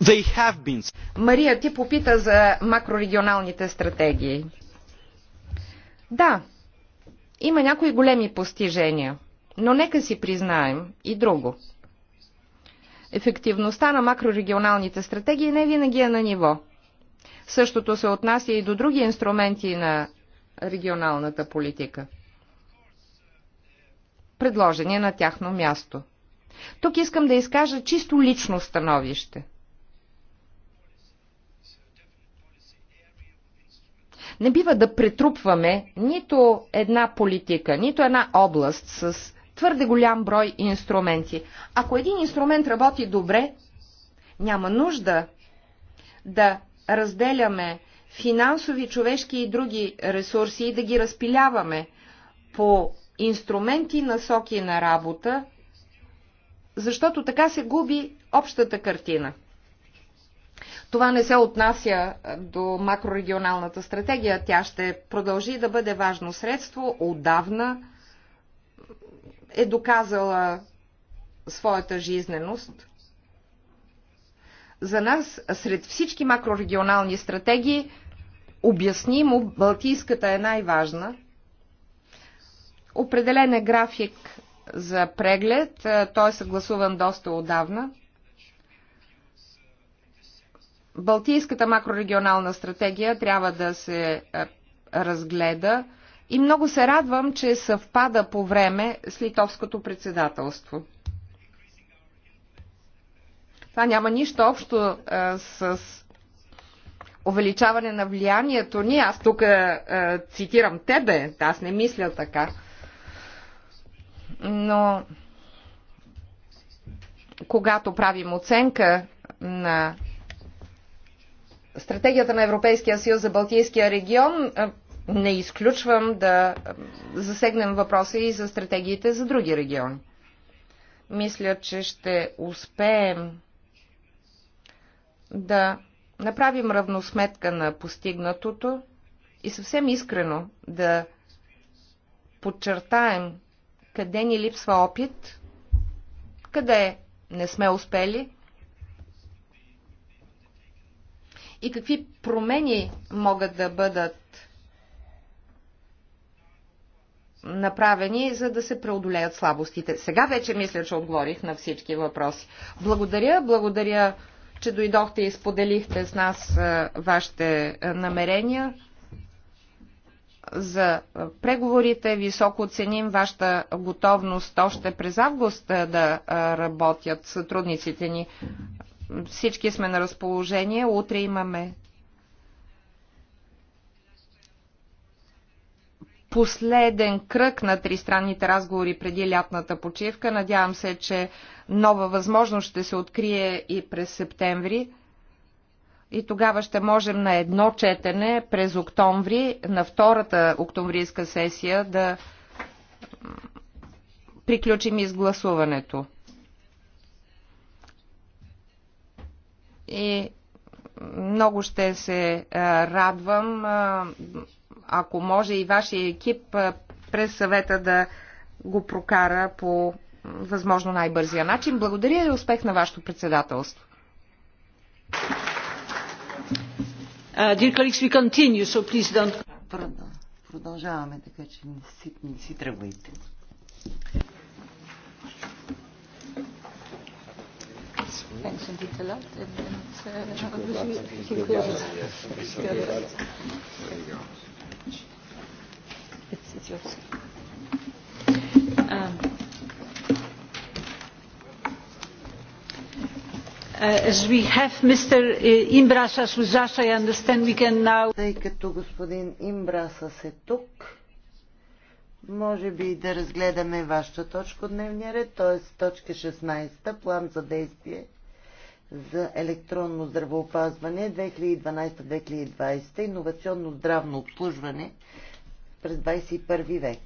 they have been... Мария ти попита за макрорегионалните стратегии. Да, има някои големи постижения, но нека си признаем и друго. Ефективността на макрорегионалните стратегии не винаги е на ниво. Същото се отнася и до други инструменти на регионалната политика, предложени на тяхно място. Тук искам да изкажа чисто лично становище – Не бива да претрупваме нито една политика, нито една област с твърде голям брой инструменти. Ако един инструмент работи добре, няма нужда да разделяме финансови, човешки и други ресурси и да ги разпиляваме по инструменти, насоки на работа, защото така се губи общата картина. Това не се отнася до макрорегионалната стратегия. Тя ще продължи да бъде важно средство. Отдавна е доказала своята жизненост. За нас, сред всички макрорегионални стратегии, обяснимо, Балтийската е най-важна. Определен е график за преглед, той е съгласуван доста отдавна – Балтийската макрорегионална стратегия трябва да се е, разгледа и много се радвам, че съвпада по време с литовското председателство. Това няма нищо общо а, е, с увеличаване на влиянието ни. Аз тук а, е, цитирам тебе, аз не мисля така. Но когато правим оценка на стратегията на Европейския съюз за Балтийския регион не изключвам да засегнем въпроса и за стратегиите за други региони. Мисля, че ще успеем да направим равносметка на постигнатото и съвсем искрено да подчертаем къде ни липсва опит, къде не сме успели и какви промени могат да бъдат направени, за да се преодолеят слабостите. Сега вече мисля, че отговорих на всички въпроси. Благодаря, благодаря, че дойдохте и споделихте с нас вашите намерения за преговорите. Високо оценим вашата готовност още през август да работят сътрудниците ни всички сме на разположение. Утре имаме последен кръг на тристранните разговори преди лятната почивка. Надявам се, че нова възможност ще се открие и през септември. И тогава ще можем на едно четене през октомври, на втората октомврийска сесия, да приключим изгласуването. и много ще се радвам, ако може и вашия екип през съвета да го прокара по възможно най-бързия начин. Благодаря и успех на вашето председателство. Uh, продължаваме, така че не си, не си тръгвайте. Тъй като господин Имбрасас е тук, може би да разгледаме вашата точка от дневния ред, т.е. точка 16, план за действие за електронно здравеопазване 2012-2020 иновационно здравно обслужване през 21 век.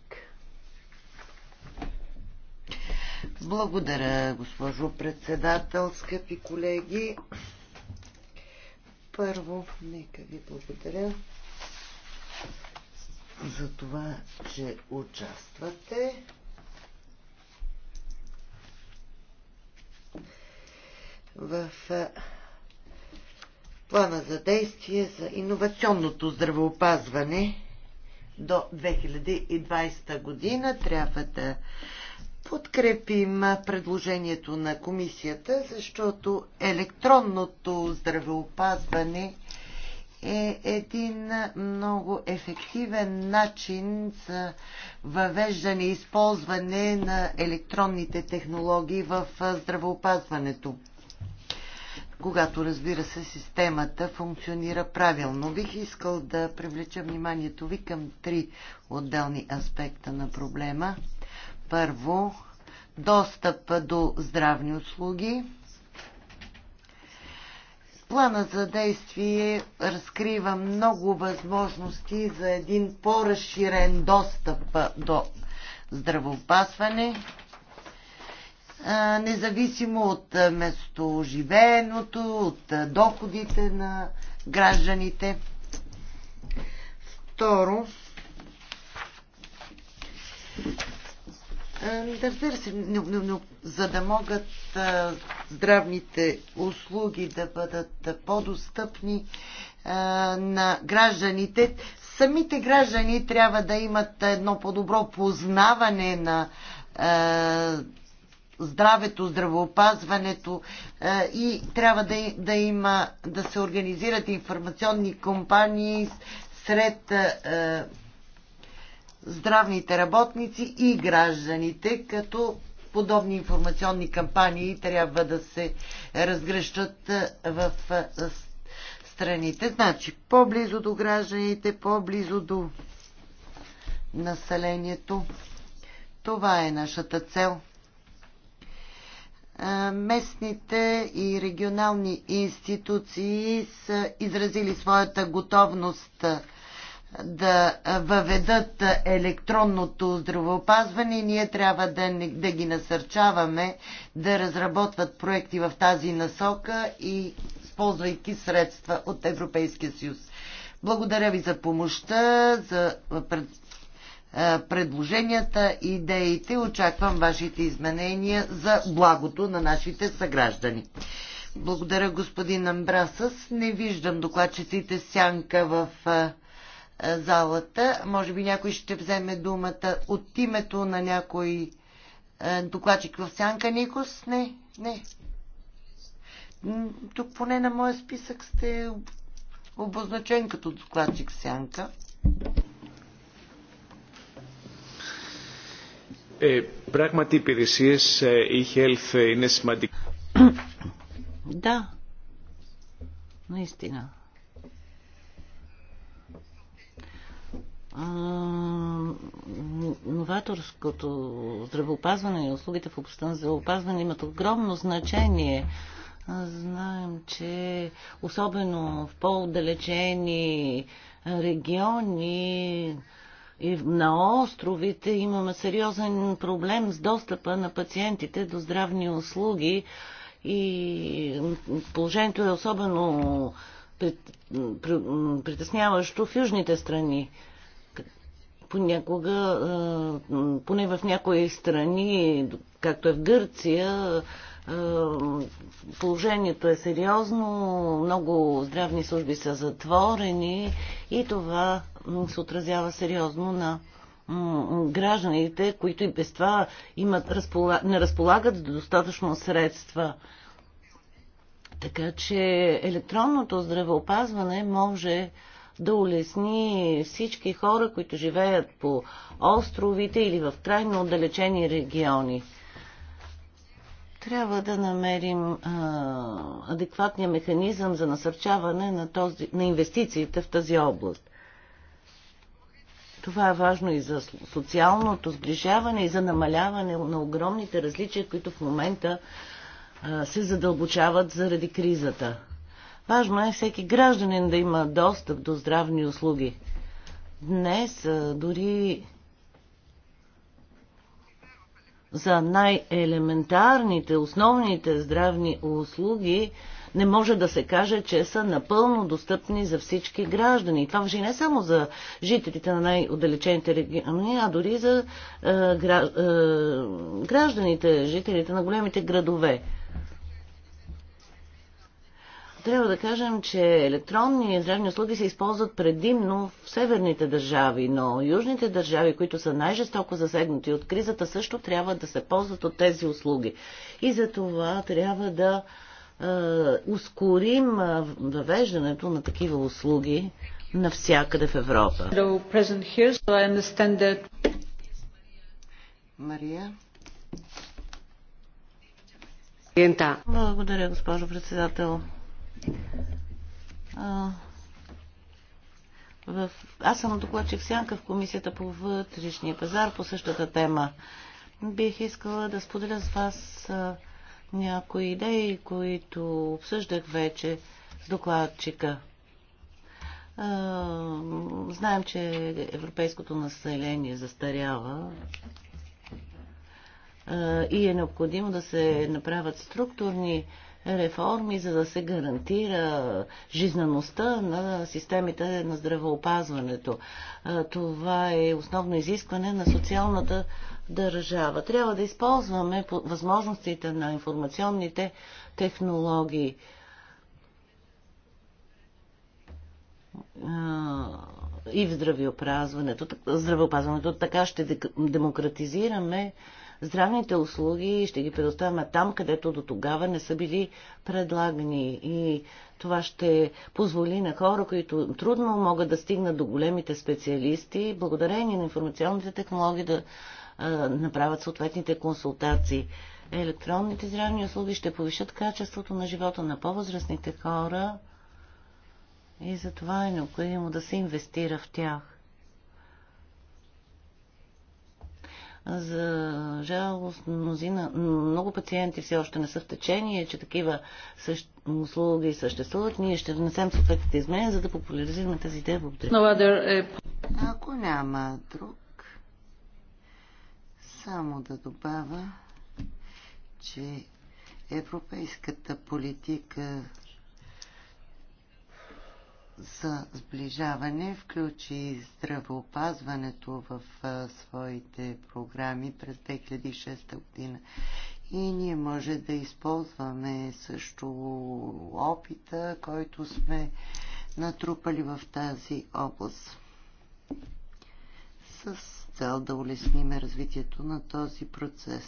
Благодаря, госпожо председател, скъпи колеги. Първо, нека ви благодаря за това, че участвате. в плана за действие за иновационното здравеопазване до 2020 година. Трябва да подкрепим предложението на комисията, защото електронното здравеопазване е един много ефективен начин за въвеждане и използване на електронните технологии в здравеопазването когато, разбира се, системата функционира правилно. Бих искал да привлеча вниманието ви към три отделни аспекта на проблема. Първо, достъп до здравни услуги. Плана за действие разкрива много възможности за един по-разширен достъп до здравеопасване, независимо от местоживееното, от доходите на гражданите. Второ, да разбира се, но, но, но, за да могат здравните услуги да бъдат по-достъпни на гражданите, самите граждани трябва да имат едно по-добро познаване на здравето, здравеопазването е, и трябва да, да има, да се организират информационни кампании сред е, е, здравните работници и гражданите, като подобни информационни кампании трябва да се разгръщат в страните. Значи, по-близо до гражданите, по-близо до населението. Това е нашата цел местните и регионални институции са изразили своята готовност да въведат електронното здравеопазване и ние трябва да, да ги насърчаваме да разработват проекти в тази насока и използвайки средства от Европейския съюз. Благодаря ви за помощта, за е, предложенията, идеите. Очаквам вашите изменения за благото на нашите съграждани. Благодаря, господин Амбрасъс. Не виждам докладчиците сянка в е, е, залата. Може би някой ще вземе думата от името на някой докладчик в сянка. Никос? Не, не. Тук поне на моя списък сте обозначен като докладчик в сянка. πράγματι οι e-health είναι Да, наистина. новаторското здравеопазване и услугите в областта на здравеопазване имат огромно значение. Знаем, че особено в по-отдалечени региони и на островите имаме сериозен проблем с достъпа на пациентите до здравни услуги и положението е особено притесняващо в южните страни. Понякога, поне в някои страни, както е в Гърция, е, положението е сериозно, много здравни служби са затворени и това се отразява сериозно на гражданите, които и без това имат, не разполагат достатъчно средства. Така че електронното здравеопазване може да улесни всички хора, които живеят по островите или в крайно отдалечени региони. Трябва да намерим а, адекватния механизъм за насърчаване на, този, на инвестициите в тази област. Това е важно и за социалното сближаване, и за намаляване на огромните различия, които в момента а, се задълбочават заради кризата. Важно е всеки гражданин да има достъп до здравни услуги. Днес а, дори за най-елементарните, основните здравни услуги не може да се каже, че са напълно достъпни за всички граждани. това въжи не само за жителите на най-отдалечените региони, а дори за е, е гражданите, жителите на големите градове трябва да кажем, че електронни здравни услуги се използват предимно в северните държави, но южните държави, които са най-жестоко засегнати от кризата, също трябва да се ползват от тези услуги. И за това трябва да е, ускорим въвеждането на такива услуги навсякъде в Европа. Мария. Благодаря, госпожо председател в... Аз съм докладчик Сянка в Комисията по вътрешния пазар по същата тема. Бих искала да споделя с вас а, някои идеи, които обсъждах вече с докладчика. А, знаем, че европейското население застарява а, и е необходимо да се направят структурни а, реформи, за да се гарантира жизнеността на системите на здравеопазването. Това е основно изискване на социалната държава. Трябва да използваме възможностите на информационните технологии. И в здравеопазването. Така ще демократизираме здравните услуги ще ги предоставяме там, където до тогава не са били предлагани. И това ще позволи на хора, които трудно могат да стигнат до големите специалисти, благодарение на информационните технологии да а, направят съответните консултации. Електронните здравни услуги ще повишат качеството на живота на по-възрастните хора и затова е необходимо да се инвестира в тях. За жалост, мнозина, много пациенти все още не са в течение, че такива услуги съществуват. Ние ще внесем съответните изменения, за да популяризираме тази идея. Благодаря. Е, Ако няма друг, само да добавя, че европейската политика за сближаване включи здравеопазването в своите програми през 2006 година. И ние може да използваме също опита, който сме натрупали в тази област. С цел да улесним развитието на този процес.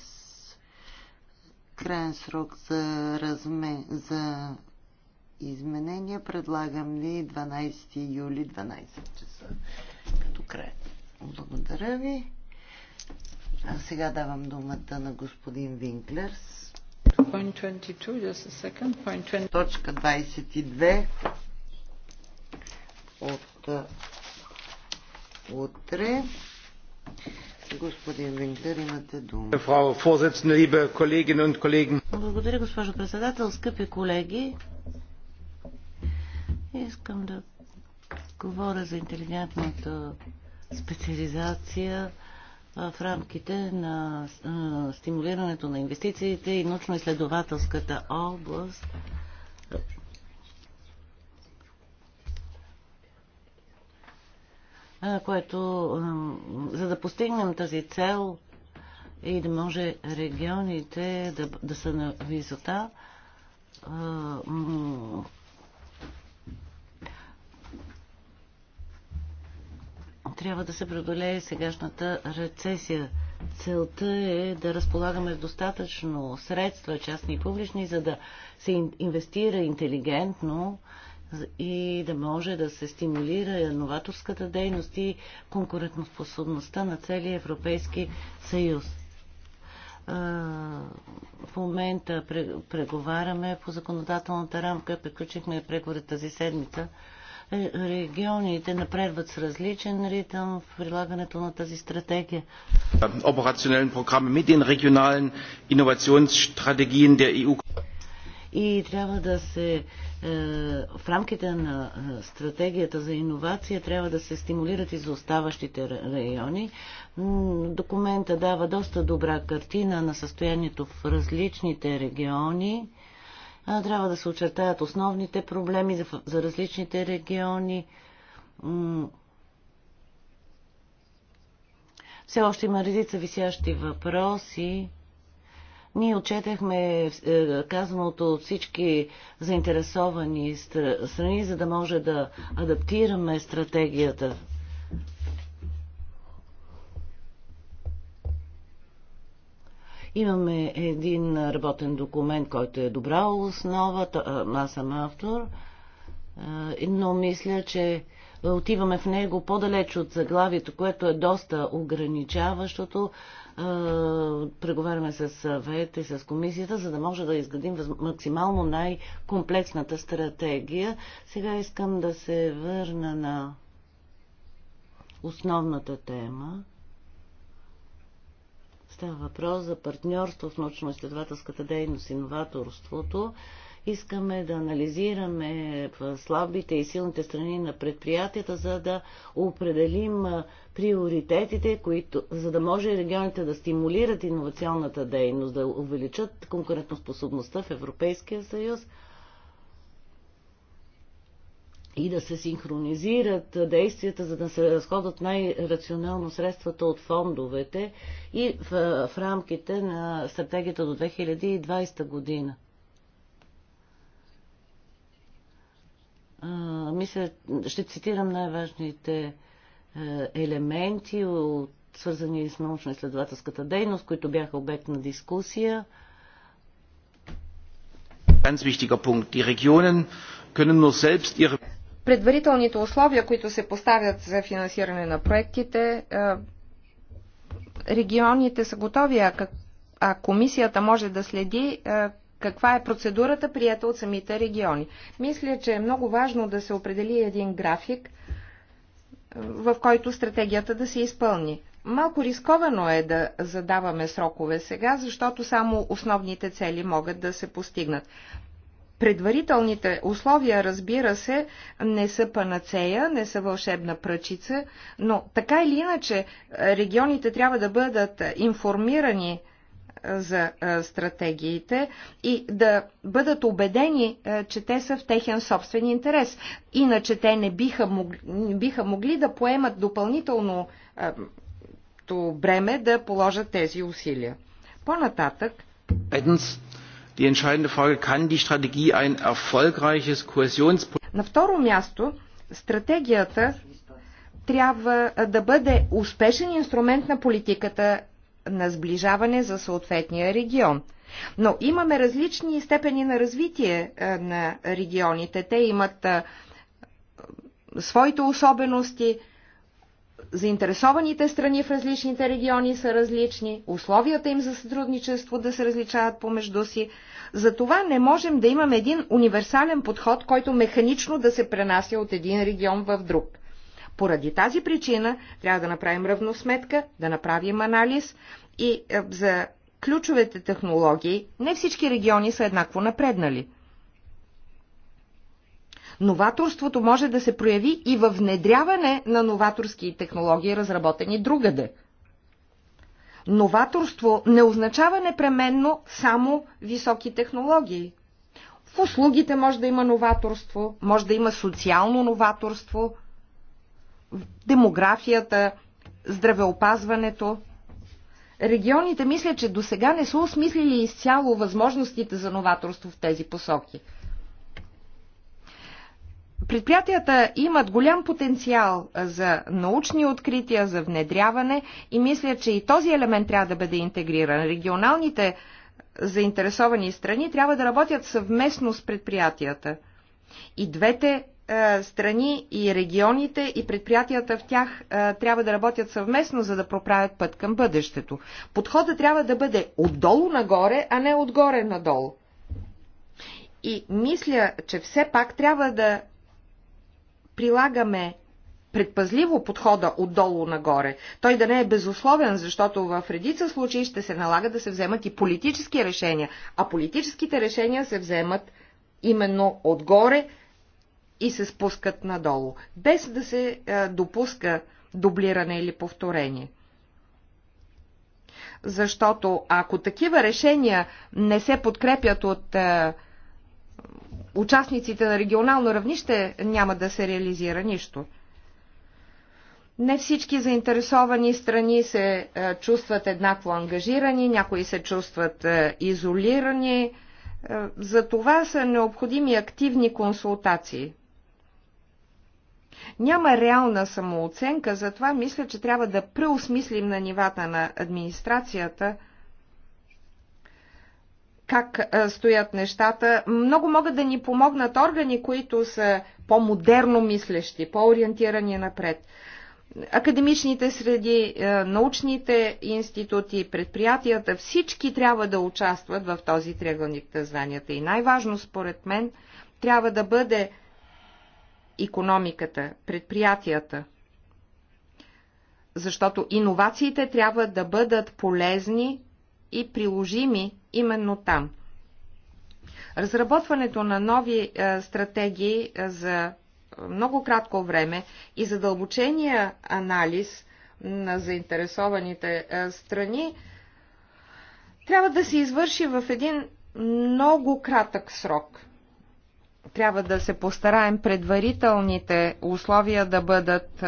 Крайен срок за, размен, за изменения. Предлагам ви 12 юли 12 часа като край. Благодаря ви. А сега давам думата на господин Винклерс. Точка 22 от утре. Господин Винклер, имате дума. Благодаря, госпожо председател, скъпи колеги. Искам да говоря за интелигентната специализация в рамките на стимулирането на инвестициите и научно-изследователската област. което за да постигнем тази цел и да може регионите да, да са на висота, трябва да се преодолее сегашната рецесия. Целта е да разполагаме достатъчно средства, частни и публични, за да се инвестира интелигентно и да може да се стимулира новаторската дейност и конкурентоспособността на целия Европейски съюз. В момента преговаряме по законодателната рамка, приключихме преговори тази седмица е, регионите напредват с различен ритъм в прилагането на тази стратегия. Операционални програми с регионални инновационни стратегии на ЕУ. И трябва да се е, в рамките на е, стратегията за иновация трябва да се стимулират и за оставащите райони. Документа дава доста добра картина на състоянието в различните региони. Трябва да се очертаят основните проблеми за, за различните региони. Все още има редица висящи въпроси. Ние отчетахме е, казаното от всички заинтересовани страни, за да може да адаптираме стратегията. Имаме един работен документ, който е добра основа. Аз съм автор, но мисля, че отиваме в него по-далеч от заглавието, което е доста ограничаващото. Преговаряме с съвет и с комисията, за да може да изградим максимално най-комплексната стратегия. Сега искам да се върна на основната тема. Става въпрос за партньорство в научно-изследователската дейност, иноваторството. Искаме да анализираме слабите и силните страни на предприятията, за да определим приоритетите, които, за да може регионите да стимулират иновационната дейност, да увеличат конкурентоспособността в Европейския съюз – и да се синхронизират действията, за да се разходят най-рационално средствата от фондовете и в, в рамките на стратегията до 2020 година. А, мисля, ще цитирам най-важните е, елементи, от, свързани с научно-изследователската дейност, които бяха обект на дискусия. Ganz wichtiger Punkt. Die Regionen können nur selbst ihre предварителните условия, които се поставят за финансиране на проектите, е, регионите са готови, а, как, а комисията може да следи е, каква е процедурата, прията от самите региони. Мисля, че е много важно да се определи един график, е, в който стратегията да се изпълни. Малко рисковано е да задаваме срокове сега, защото само основните цели могат да се постигнат. Предварителните условия, разбира се, не са панацея, не са вълшебна пръчица, но така или иначе е, регионите трябва да бъдат информирани е, за е, стратегиите и да бъдат убедени, че те са в техен собствен интерес. Иначе те не биха могли, не биха могли да поемат допълнително бреме да положат тези усилия. По-нататък die entscheidende Frage, kann die Strategie ein erfolgreiches Kohäsionspolitik... На второ място, стратегията трябва да бъде успешен инструмент на политиката на сближаване за съответния регион. Но имаме различни степени на развитие на регионите. Те имат своите особености, заинтересованите страни в различните региони са различни, условията им за сътрудничество да се различават помежду си. Затова не можем да имаме един универсален подход, който механично да се пренася от един регион в друг. Поради тази причина трябва да направим равносметка, да направим анализ и е, за ключовете технологии не всички региони са еднакво напреднали. Новаторството може да се прояви и във внедряване на новаторски технологии, разработени другаде. Новаторство не означава непременно само високи технологии. В услугите може да има новаторство, може да има социално новаторство, демографията, здравеопазването. Регионите мисля, че до сега не са осмислили изцяло възможностите за новаторство в тези посоки – Предприятията имат голям потенциал за научни открития, за внедряване и мисля, че и този елемент трябва да бъде интегриран. Регионалните заинтересовани страни трябва да работят съвместно с предприятията. И двете е, страни, и регионите, и предприятията в тях е, трябва да работят съвместно, за да проправят път към бъдещето. Подходът трябва да бъде отдолу нагоре, а не отгоре надолу. И мисля, че все пак трябва да прилагаме предпазливо подхода отдолу нагоре. Той да не е безусловен, защото в редица случаи ще се налага да се вземат и политически решения, а политическите решения се вземат именно отгоре и се спускат надолу, без да се е, допуска дублиране или повторение. Защото ако такива решения не се подкрепят от е, участниците на регионално равнище няма да се реализира нищо. Не всички заинтересовани страни се е, чувстват еднакво ангажирани, някои се чувстват е, изолирани. Е, за това са необходими активни консултации. Няма реална самооценка, затова мисля, че трябва да преосмислим на нивата на администрацията – как стоят нещата. Много могат да ни помогнат органи, които са по-модерно мислещи, по-ориентирани напред. Академичните среди, научните институти, предприятията, всички трябва да участват в този триъгълник на знанията. И най-важно, според мен, трябва да бъде економиката, предприятията. Защото иновациите трябва да бъдат полезни и приложими именно там. Разработването на нови е, стратегии е, за е, много кратко време и задълбочения анализ на заинтересованите страни трябва да се извърши в един много кратък срок. Трябва да се постараем предварителните условия да бъдат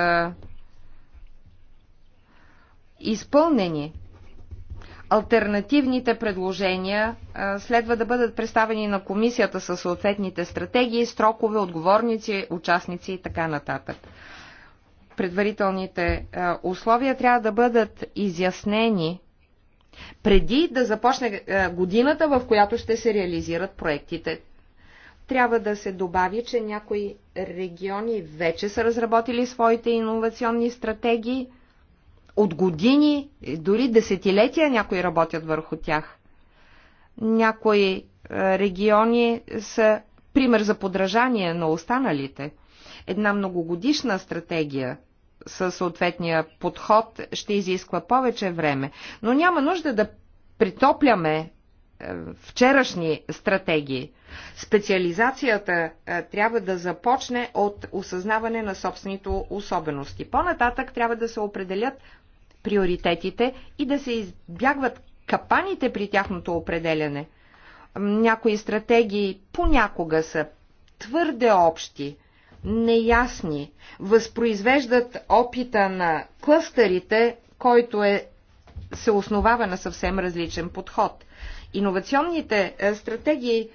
изпълнени, Альтернативните предложения следва да бъдат представени на комисията със съответните стратегии, строкове, отговорници, участници и така нататък. Предварителните условия трябва да бъдат изяснени преди да започне годината, в която ще се реализират проектите. Трябва да се добави, че някои региони вече са разработили своите иновационни стратегии – от години, дори десетилетия някои работят върху тях. Някои е, региони са пример за подражание на останалите. Една многогодишна стратегия със съответния подход ще изисква повече време, но няма нужда да притопляме е, вчерашни стратегии. Специализацията е, трябва да започне от осъзнаване на собствените особености. По-нататък трябва да се определят приоритетите и да се избягват капаните при тяхното определяне. Някои стратегии понякога са твърде общи, неясни, възпроизвеждат опита на клъстерите, който е, се основава на съвсем различен подход. Иновационните е, стратегии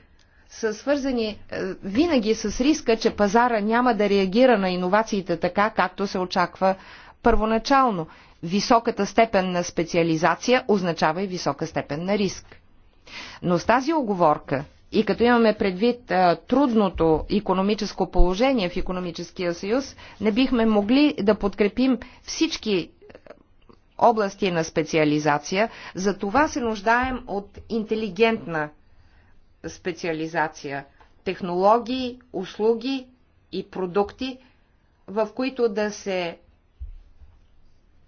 са свързани е, винаги с риска, че пазара няма да реагира на иновациите така, както се очаква първоначално високата степен на специализация означава и висока степен на риск. Но с тази оговорка и като имаме предвид а, трудното економическо положение в економическия съюз, не бихме могли да подкрепим всички области на специализация. За това се нуждаем от интелигентна специализация, технологии, услуги и продукти, в които да се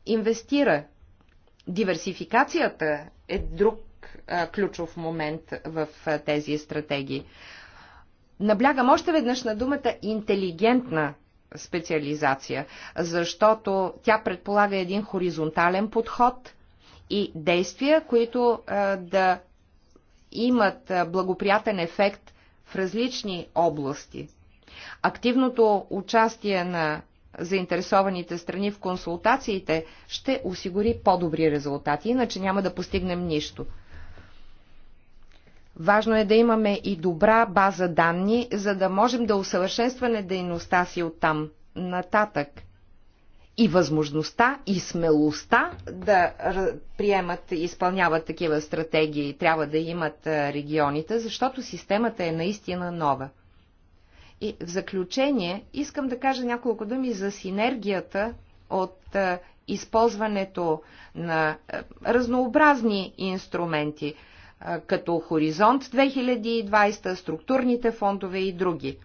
инвестира. Диверсификацията е друг ключов момент в тези стратегии. Наблягам още веднъж на думата интелигентна специализация, защото тя предполага един хоризонтален подход и действия, които да имат благоприятен ефект в различни области. Активното участие на заинтересованите страни в консултациите, ще осигури по-добри резултати, иначе няма да постигнем нищо. Важно е да имаме и добра база данни, за да можем да усъвършенстваме дейността си оттам нататък. И възможността и смелостта да приемат и изпълняват такива стратегии трябва да имат регионите, защото системата е наистина нова. И в заключение искам да кажа няколко думи за синергията от е, използването на е, разнообразни инструменти, е, като Хоризонт 2020, структурните фондове и други.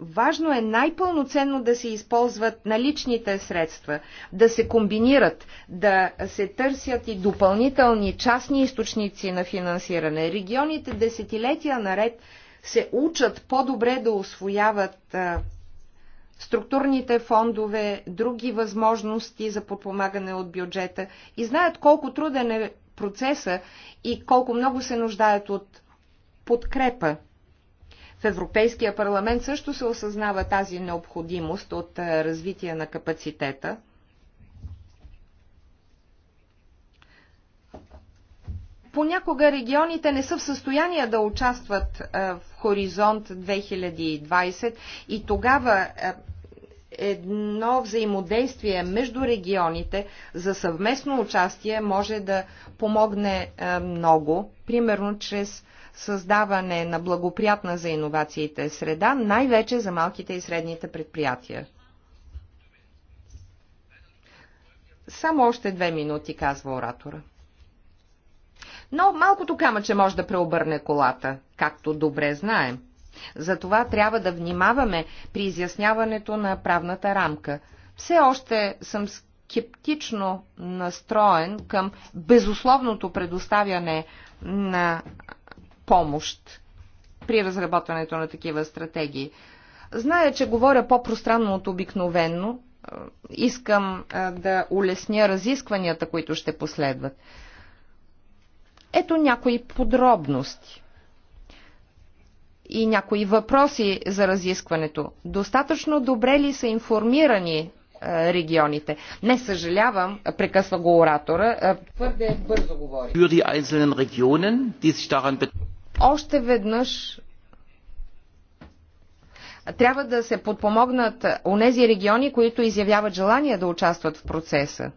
Важно е най-пълноценно да се използват наличните средства, да се комбинират, да се търсят и допълнителни частни източници на финансиране. Регионите десетилетия наред се учат по-добре да освояват структурните фондове, други възможности за подпомагане от бюджета и знаят колко труден е процеса и колко много се нуждаят от подкрепа. В Европейския парламент също се осъзнава тази необходимост от развитие на капацитета – Понякога регионите не са в състояние да участват е, в Хоризонт 2020 и тогава е, едно взаимодействие между регионите за съвместно участие може да помогне е, много, примерно чрез създаване на благоприятна за иновациите среда, най-вече за малките и средните предприятия. Само още две минути, казва оратора. Но малкото камъче може да преобърне колата, както добре знаем. Затова трябва да внимаваме при изясняването на правната рамка. Все още съм скептично настроен към безусловното предоставяне на помощ при разработването на такива стратегии. Зная, че говоря по-пространно от обикновенно, искам да улесня разискванията, които ще последват. Ето някои подробности и някои въпроси за разискването. Достатъчно добре ли са информирани е, регионите. Не съжалявам, прекъсва го оратора, е, твърде бързо говори. Още веднъж трябва да се подпомогнат онези региони, които изявяват желание да участват в процеса.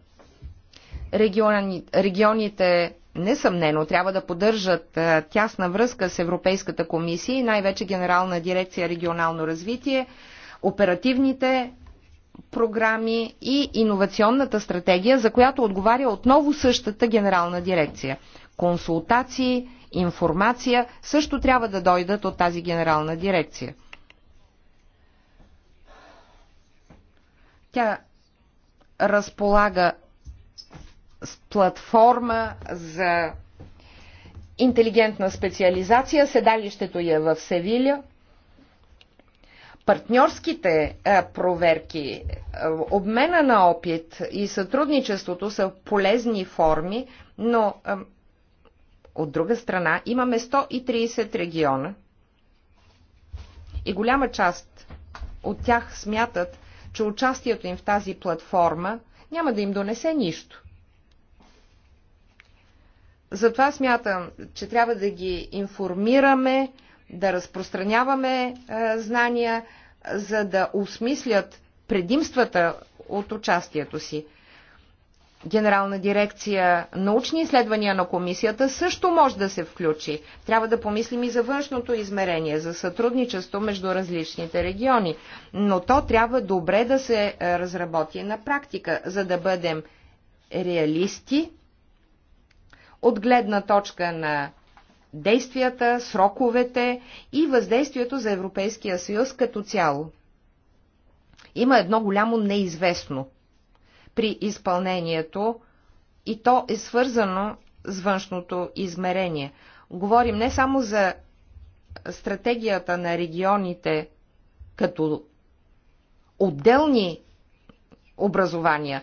регионите несъмнено трябва да поддържат тясна връзка с Европейската комисия и най-вече Генерална дирекция регионално развитие, оперативните програми и иновационната стратегия, за която отговаря отново същата генерална дирекция. Консултации, информация също трябва да дойдат от тази генерална дирекция. Тя разполага платформа за интелигентна специализация. Седалището е в Севиля. Партньорските е, проверки, е, обмена на опит и сътрудничеството са полезни форми, но е, от друга страна имаме 130 региона и голяма част от тях смятат, че участието им в тази платформа няма да им донесе нищо. Затова смятам, че трябва да ги информираме, да разпространяваме е, знания, за да осмислят предимствата от участието си. Генерална дирекция научни изследвания на комисията също може да се включи. Трябва да помислим и за външното измерение, за сътрудничество между различните региони. Но то трябва добре да се е, разработи на практика, за да бъдем реалисти от гледна точка на действията, сроковете и въздействието за Европейския съюз като цяло. Има едно голямо неизвестно при изпълнението и то е свързано с външното измерение. Говорим не само за стратегията на регионите като отделни образования,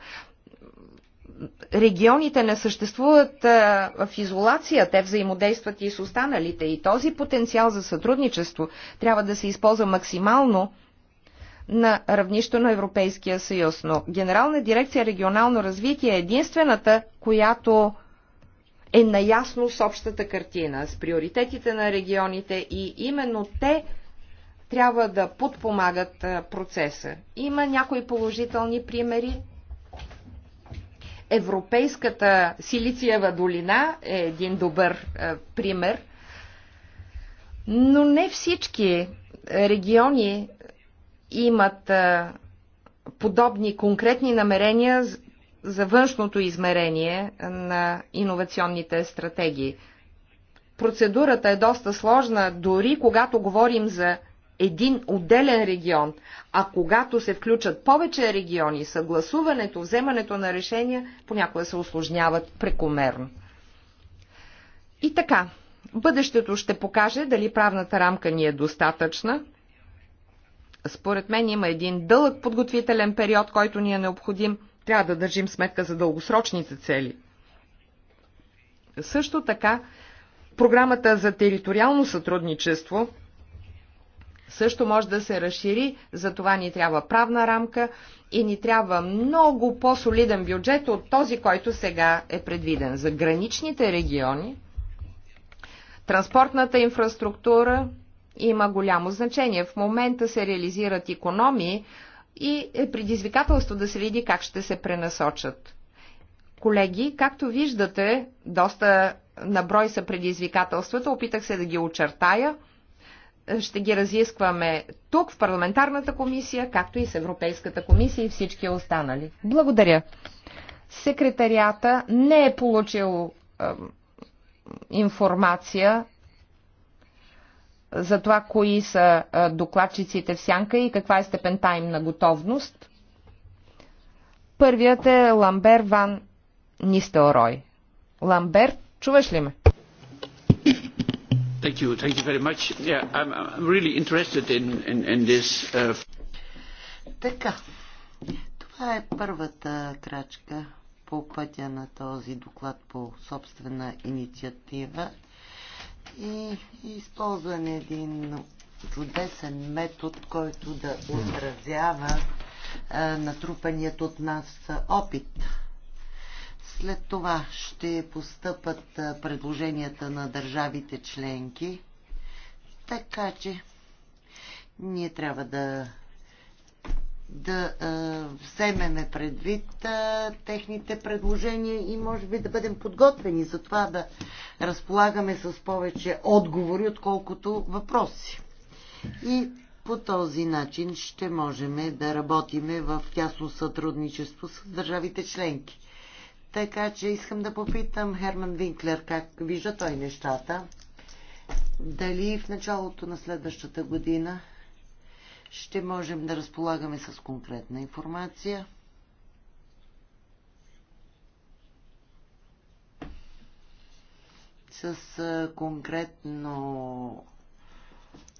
регионите не съществуват а, в изолация, те взаимодействат и с останалите. И този потенциал за сътрудничество трябва да се използва максимално на равнището на Европейския съюз. Но Генерална дирекция регионално развитие е единствената, която е наясно с общата картина, с приоритетите на регионите и именно те трябва да подпомагат процеса. Има някои положителни примери, Европейската Силициева долина е един добър е, пример, но не всички региони имат е, подобни конкретни намерения за външното измерение на иновационните стратегии. Процедурата е доста сложна, дори когато говорим за един отделен регион, а когато се включат повече региони, съгласуването, вземането на решения понякога се осложняват прекомерно. И така, бъдещето ще покаже дали правната рамка ни е достатъчна. Според мен има един дълъг подготвителен период, който ни е необходим. Трябва да държим сметка за дългосрочните цели. Също така, програмата за териториално сътрудничество – също може да се разшири, за това ни трябва правна рамка и ни трябва много по-солиден бюджет от този, който сега е предвиден. За граничните региони транспортната инфраструктура има голямо значение. В момента се реализират економии и е предизвикателство да се види как ще се пренасочат. Колеги, както виждате, доста наброй са предизвикателствата, опитах се да ги очертая – ще ги разискваме тук, в парламентарната комисия, както и с Европейската комисия и всички останали. Благодаря. Секретарията не е получил е, информация за това, кои са докладчиците в сянка и каква е степента им на готовност. Първият е Ламбер Ван Нистелрой. Ламбер, чуваш ли ме? Thank you. Thank you very much. Yeah, I'm, I'm really interested in, in, in this. Uh... Така. Това е първата крачка по пътя на този доклад по собствена инициатива и, и е един чудесен метод, който да отразява а, натрупаният от нас опит. След това ще постъпат предложенията на държавите членки, така че ние трябва да да а, вземеме предвид а, техните предложения и може би да бъдем подготвени за това да разполагаме с повече отговори, отколкото въпроси. И по този начин ще можем да работиме в тясно сътрудничество с държавите членки. Така че искам да попитам Херман Винклер как вижда той нещата. Дали в началото на следващата година ще можем да разполагаме с конкретна информация. С конкретно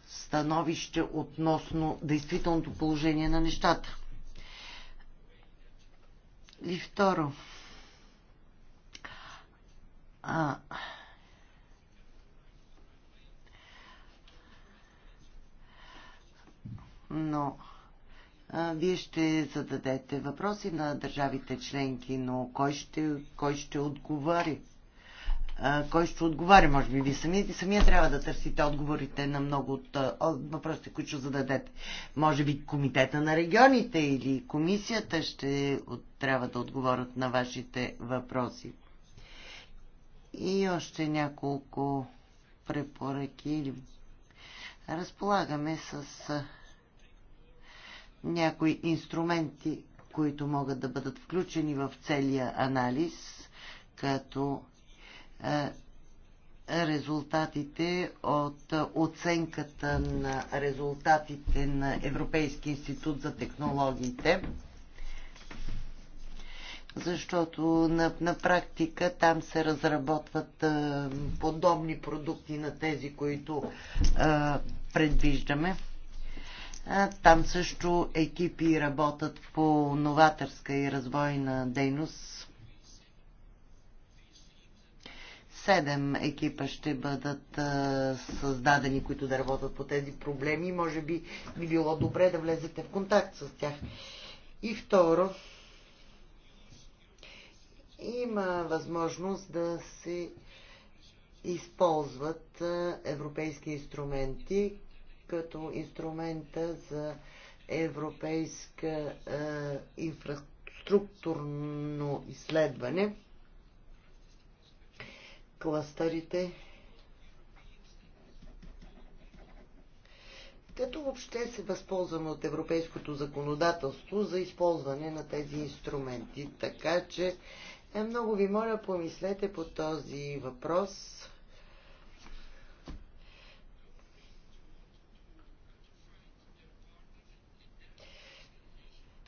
становище относно действителното положение на нещата. И второ, а, но а, вие ще зададете въпроси на държавите членки, но кой ще, кой ще отговори? А, кой ще отговаря, може би? Вие самия, самия трябва да търсите отговорите на много от, от въпросите, които ще зададете. Може би Комитета на регионите или Комисията ще от, трябва да отговорят на вашите въпроси. И още няколко препоръки. Разполагаме с някои инструменти, които могат да бъдат включени в целия анализ, като резултатите от оценката на резултатите на Европейски институт за технологиите защото на, на практика там се разработват а, подобни продукти на тези, които а, предвиждаме. А, там също екипи работят по новаторска и развойна дейност. Седем екипа ще бъдат а, създадени, които да работят по тези проблеми. Може би би било добре да влезете в контакт с тях. И второ, има възможност да се използват европейски инструменти, като инструмента за европейска инфраструктурно изследване, кластърите, като въобще се възползваме от европейското законодателство за използване на тези инструменти. Така че е, много ви моля, помислете по този въпрос.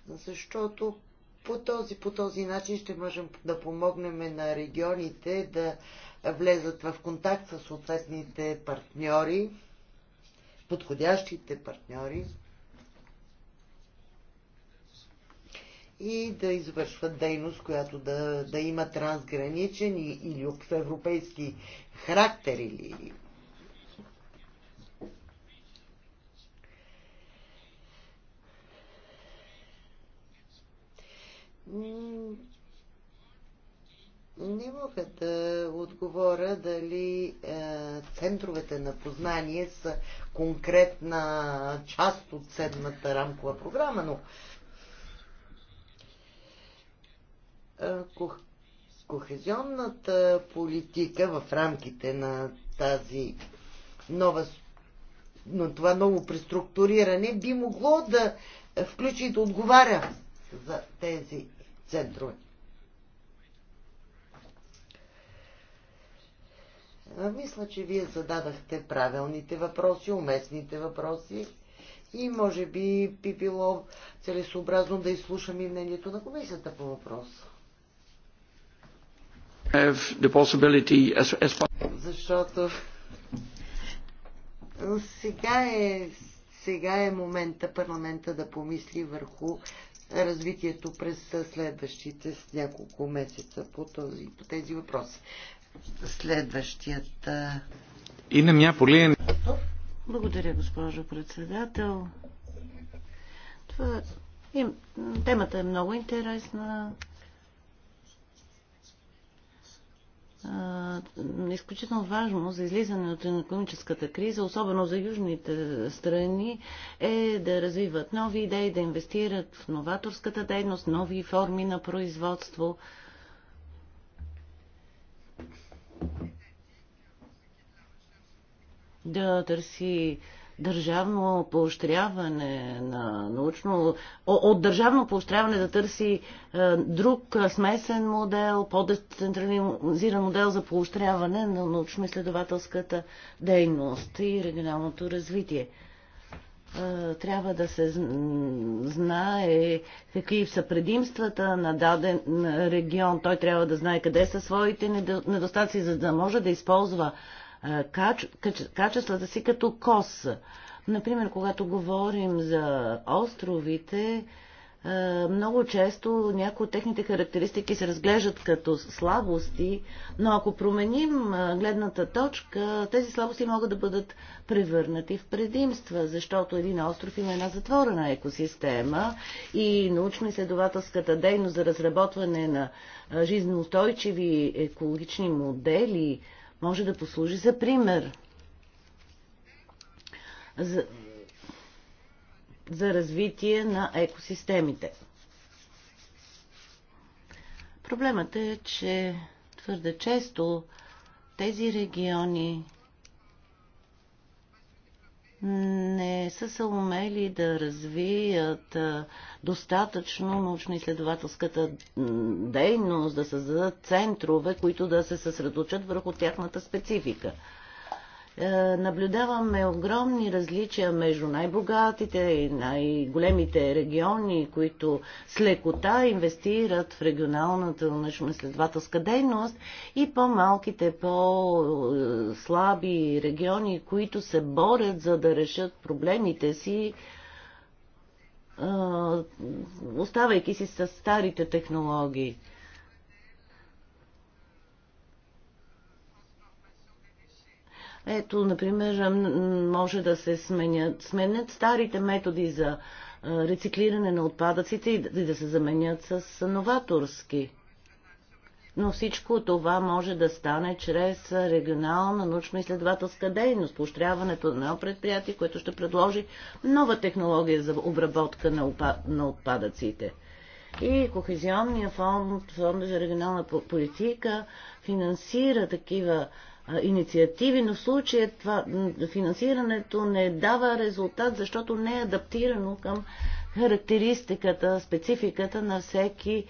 Защото по този, по този начин ще можем да помогнем на регионите да влезат в контакт с съответните партньори, подходящите партньори. и да извършват дейност, която да, да има трансграничен или европейски характер или Не мога да отговоря дали е, центровете на познание са конкретна част от седмата рамкова програма, но е, кохезионната политика в рамките на тази нова на това ново преструктуриране би могло да включи и да отговаря за тези центрове. Мисля, че вие зададахте правилните въпроси, уместните въпроси и може би би било целесообразно да изслушам и мнението на комисията по въпроса. Защото сега е, сега е момента парламента да помисли върху развитието през следващите с няколко месеца по, този, по тези въпроси. Следващият. И на мя поле. Е- Благодаря, госпожо председател. Това, е- им, темата е много интересна. е изключително важно за излизането на економическата криза, особено за южните страни, е да развиват нови идеи, да инвестират в новаторската дейност, нови форми на производство. Да търси държавно поощряване на научно... От държавно поощряване да търси е, друг смесен модел, по-децентрализиран модел за поощряване на научно-изследователската дейност и регионалното развитие е, трябва да се знае какви са предимствата на даден регион. Той трябва да знае къде са своите недостатъци, за да може да използва качествата си като кос. Например, когато говорим за островите, много често някои от техните характеристики се разглеждат като слабости, но ако променим гледната точка, тези слабости могат да бъдат превърнати в предимства, защото един остров има една затворена екосистема и научно-изследователската дейност за разработване на жизнеустойчиви екологични модели може да послужи за пример за, за развитие на екосистемите. Проблемът е, че твърде често тези региони не са се умели да развият достатъчно научно-изследователската дейност, да създадат центрове, които да се съсредоточат върху тяхната специфика. Е, наблюдаваме огромни различия между най-богатите и най-големите региони, които с лекота инвестират в регионалната научно-изследователска дейност и по-малките, по-слаби региони, които се борят за да решат проблемите си, е, оставайки си с старите технологии. Ето, например, може да се сменят, сменят старите методи за рециклиране на отпадъците и да се заменят с новаторски. Но всичко това може да стане чрез регионална научно-изследователска дейност, поощряването на предприятие, което ще предложи нова технология за обработка на отпадъците и Кохезионния фонд, фонд за регионална политика финансира такива инициативи, но в случая това финансирането не дава резултат, защото не е адаптирано към характеристиката, спецификата на всеки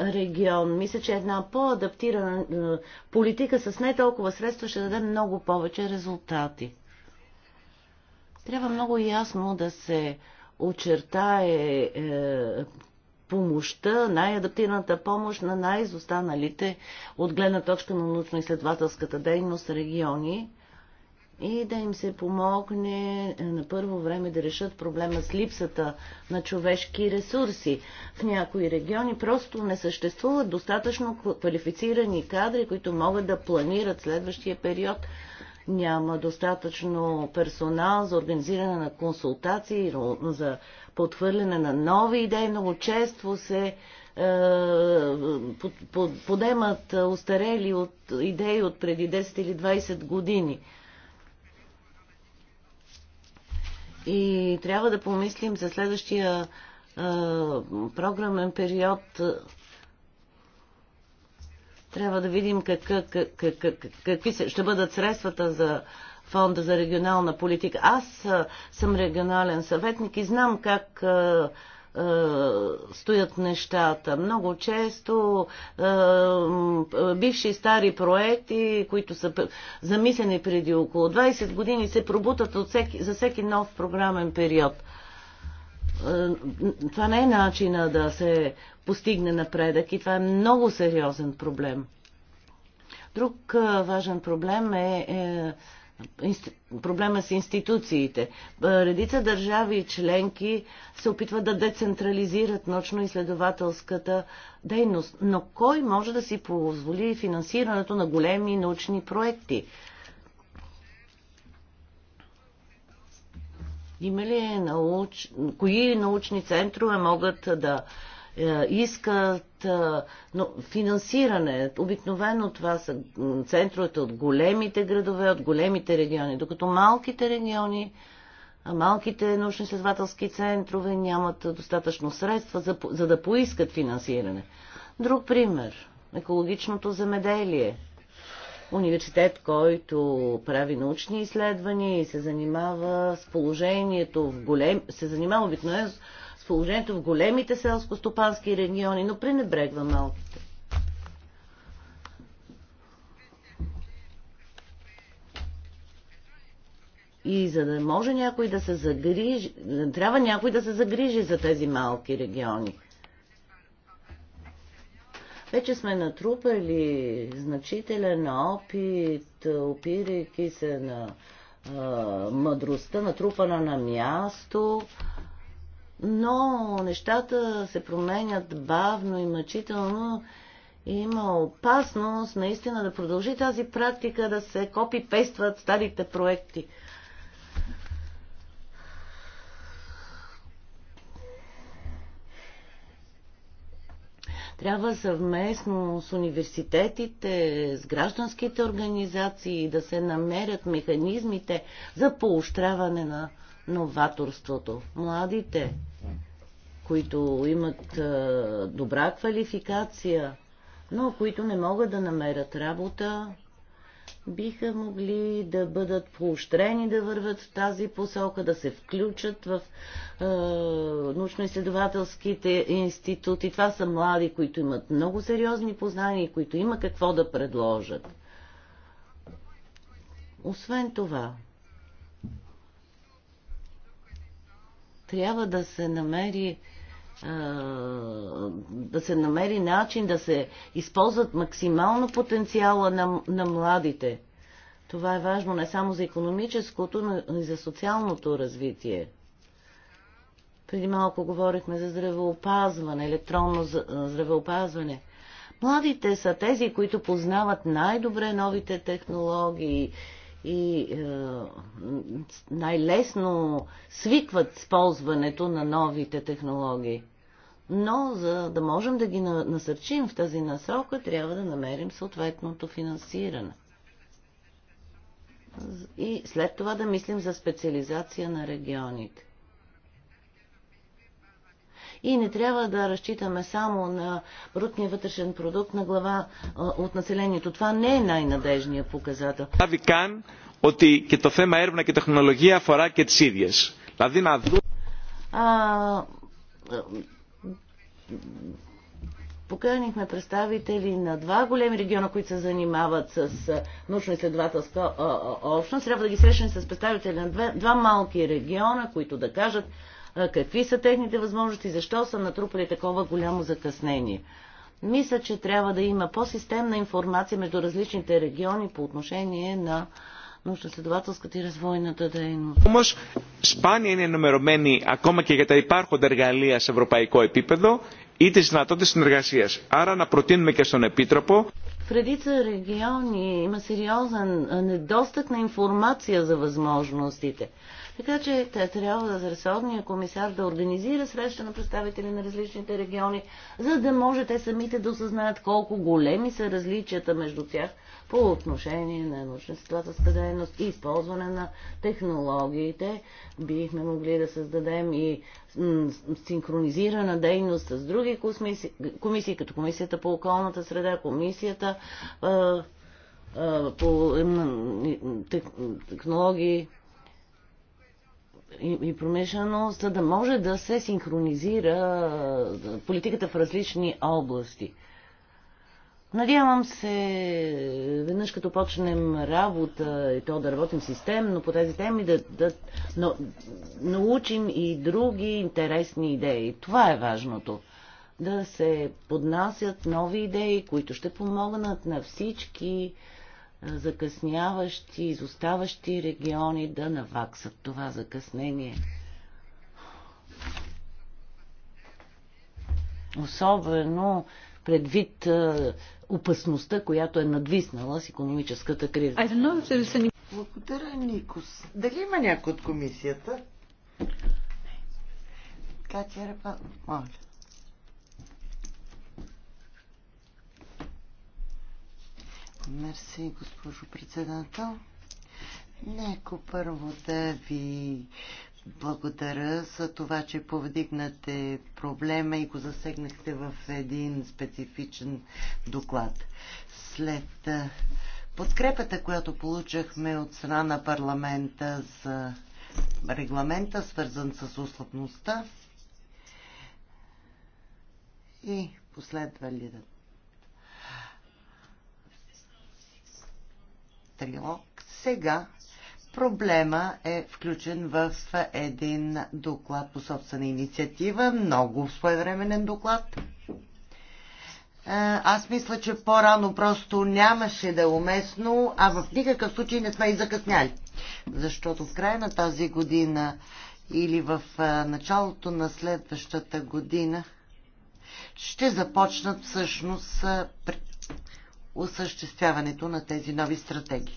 регион. Мисля, че една по-адаптирана политика с не толкова средства ще даде много повече резултати. Трябва много ясно да се очертае е, помощта, най-адаптираната помощ на най-изостаналите от гледна точка на научно-изследователската дейност региони и да им се помогне на първо време да решат проблема с липсата на човешки ресурси. В някои региони просто не съществуват достатъчно квалифицирани кадри, които могат да планират следващия период няма достатъчно персонал за организиране на консултации, за подхвърляне на нови идеи. Много често се е, подемат е, устарели от идеи от преди 10 или 20 години. И трябва да помислим за следващия е, програмен период трябва да видим как, как, как, как, какви ще бъдат средствата за фонда за регионална политика. Аз съм регионален съветник и знам как стоят нещата. Много често бивши стари проекти, които са замислени преди около 20 години, се пробутат от всеки, за всеки нов програмен период. Е, това не е начина да се постигне напредък и това е много сериозен проблем. Друг е, важен проблем е, е проблема с институциите. Е, редица държави и членки се опитват да децентрализират научно-изследователската дейност. Но кой може да си позволи финансирането на големи научни проекти? Има ли науч... кои научни центрове могат да е, искат е, но, финансиране. Обикновено това са центровете от големите градове, от големите региони, докато малките региони, малките научно-изследователски центрове нямат достатъчно средства за, за да поискат финансиране. Друг пример екологичното земеделие университет, който прави научни изследвания и се занимава с положението в голем... се занимава обикновено с положението в големите селско-стопански региони, но пренебрегва малките. И за да може някой да се загрижи, трябва някой да се загрижи за тези малки региони. Вече сме натрупали значителен опит, опирайки се на а, мъдростта, натрупана на място, но нещата се променят бавно и мъчително. И има опасност наистина да продължи тази практика да се копи-пействат старите проекти. Трябва съвместно с университетите, с гражданските организации да се намерят механизмите за поощряване на новаторството. Младите, които имат добра квалификация, но които не могат да намерят работа, биха могли да бъдат поощрени да върват в тази посока, да се включат в е, научно-изследователските институти. Това са млади, които имат много сериозни познания и които има какво да предложат. Освен това, трябва да се намери да се намери начин да се използват максимално потенциала на, на младите. Това е важно не само за економическото, но и за социалното развитие. Преди малко говорихме за здравеопазване, електронно здравеопазване. Младите са тези, които познават най-добре новите технологии, и е, най-лесно свикват с ползването на новите технологии. Но за да можем да ги насърчим в тази насока, трябва да намерим съответното финансиране. И след това да мислим за специализация на регионите и не трябва да разчитаме само на брутния вътрешен продукт на глава от населението. Това не е най-надежният показател. ότι και το θέμα έρευνα και τεχνολογία αφορά και τις ίδιες. Δηλαδή να δούμε... Поканихме представители на два големи региона, които се занимават с научно-изследователска общност. Трябва да ги срещнем с представители на два, два малки региона, които да кажат какви са техните възможности, защо са натрупали такова голямо закъснение. Мисля, че трябва да има по-системна информация между различните региони по отношение на научно-следователската и развойната дейност. Όμω, σπάνια είναι ενημερωμένοι ακόμα και για τα υπάρχοντα εργαλεία σε ευρωπαϊκό επίπεδο ή τι δυνατότητε συνεργασία. Άρα, να προτείνουμε και στον Επίτροπο. В редица региони има сериозен недостиг на информация за възможностите. Така че трябва да разходния комисар да организира среща на представители на различните региони, за да може те самите да осъзнаят колко големи са различията между тях по отношение на научно-изследователската дейност и използване на технологиите. Бихме могли да създадем и синхронизирана дейност с други комисии, комисии като Комисията по околната среда, Комисията по технологии и промишлено, за да може да се синхронизира политиката в различни области. Надявам се, веднъж като почнем работа и то да работим системно по тези теми, да, да но, научим и други интересни идеи. Това е важното. Да се поднасят нови идеи, които ще помогнат на всички закъсняващи, изоставащи региони да наваксат това закъснение. Особено предвид а, опасността, която е надвиснала с економическата криза. Благодаря, Никос. Дали има някой от комисията? Катя Рапа, моля. Мерси, госпожо председател. нека първо да ви благодаря за това, че повдигнате проблема и го засегнахте в един специфичен доклад. След подкрепата, която получахме от страна на парламента за регламента, свързан с условността и последвалият трилог. Сега проблема е включен в един доклад по собствена инициатива, много своевременен доклад. Е, аз мисля, че по-рано просто нямаше да е уместно, а в никакъв случай не сме и закъсняли. Защото в края на тази година или в е, началото на следващата година ще започнат всъщност е, осъществяването на тези нови стратегии.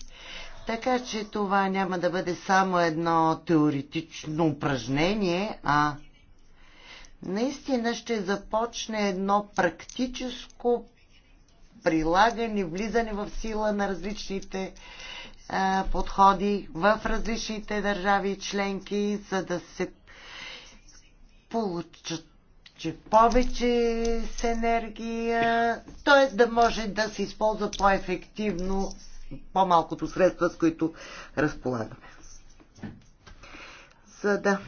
Така че това няма да бъде само едно теоретично упражнение, а наистина ще започне едно практическо прилагане, влизане в сила на различните подходи в различните държави и членки, за да се получат че повече с енергия, т.е. да може да се използва по-ефективно по-малкото средства, с които разполагаме. За да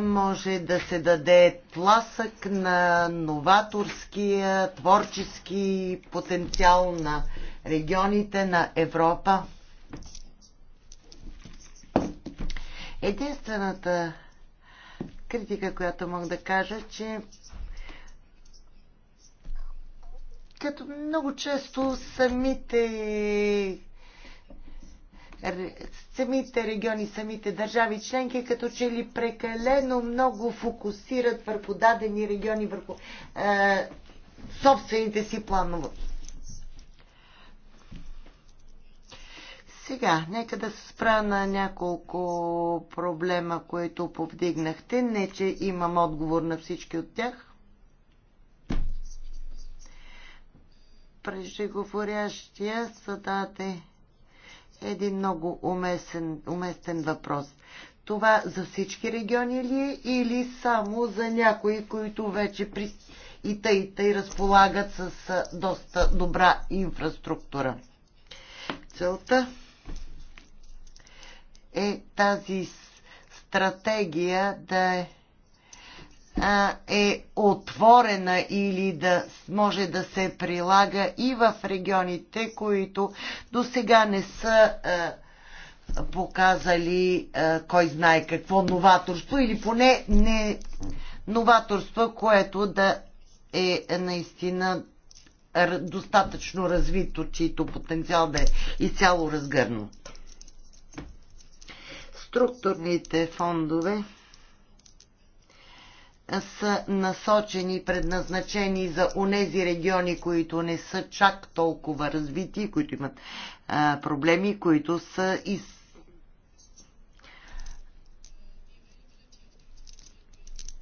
може да се даде тласък на новаторския, творчески потенциал на регионите на Европа. Единствената критика, която мога да кажа, че като много често самите самите региони, самите държави членки, като че ли прекалено много фокусират върху дадени региони, върху е, собствените си планове. Сега, нека да се спра на няколко проблема, които повдигнахте. Не, че имам отговор на всички от тях. Преждеговорящия зададе един много уместен, уместен въпрос. Това за всички региони ли е или само за някои, които вече при... и тъй, и тъй разполагат с доста добра инфраструктура? Целта е тази стратегия да е е отворена или да може да се прилага и в регионите, които до сега не са показали кой знае какво новаторство или поне не новаторство, което да е наистина достатъчно развито, чието потенциал да е изцяло разгърнат. Структурните фондове са насочени, предназначени за онези региони, които не са чак толкова развити, които имат а, проблеми, които са из...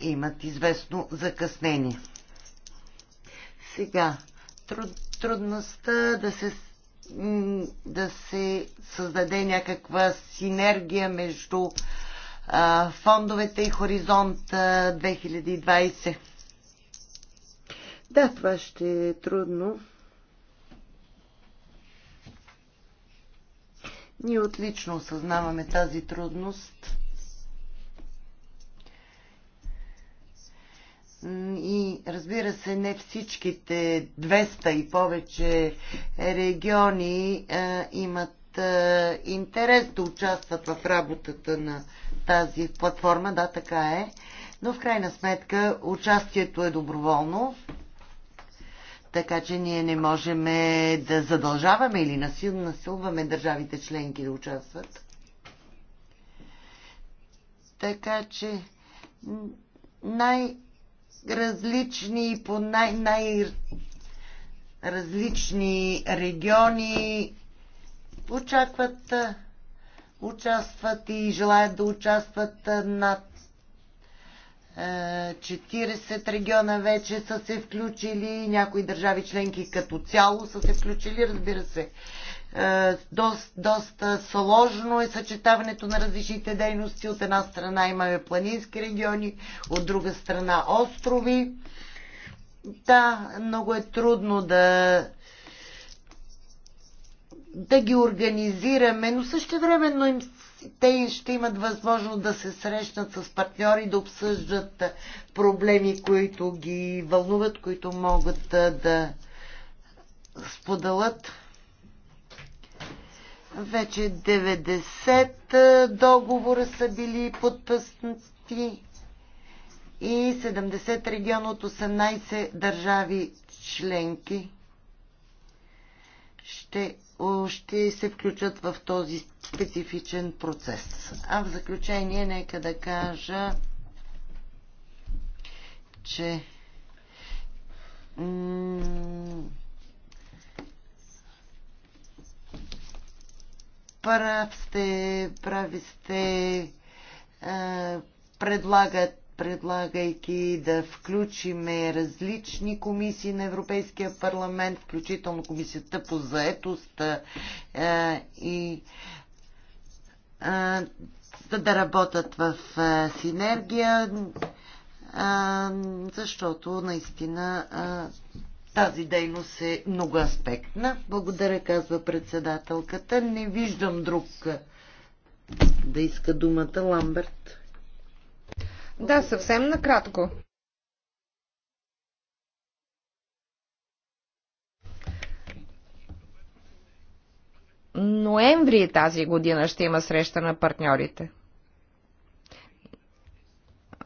имат известно закъснение. Сега, труд, трудността да се да се създаде някаква синергия между фондовете и Хоризонт 2020. Да, това ще е трудно. Ние отлично осъзнаваме тази трудност. И разбира се, не всичките 200 и повече региони а, е, имат а, е, интерес да участват в работата на тази платформа. Да, така е. Но в крайна сметка участието е доброволно. Така че ние не можем да задължаваме или насилно насилваме държавите членки да участват. Така че най- различни по най- най- различни региони очакват, участват и желаят да участват над 40 региона вече са се включили, някои държави членки като цяло са се включили, разбира се. Е, доста, доста сложно е съчетаването на различните дейности. От една страна имаме планински региони, от друга страна острови. Да, много е трудно да да ги организираме, но също времено им, те ще имат възможност да се срещнат с партньори, да обсъждат проблеми, които ги вълнуват, които могат да споделят. Вече 90 договора са били подпъснати и 70 региона от 18 държави членки ще, ще се включат в този специфичен процес. А в заключение нека да кажа, че Прав сте, прави сте, предлагат предлагайки да включиме различни комисии на Европейския парламент, включително комисията по заетост а, и а, да работят в а, синергия, защото наистина тази дейност е многоаспектна. Благодаря, казва председателката. Не виждам друг да иска думата. Ламберт. Да, съвсем накратко. Ноември тази година ще има среща на партньорите.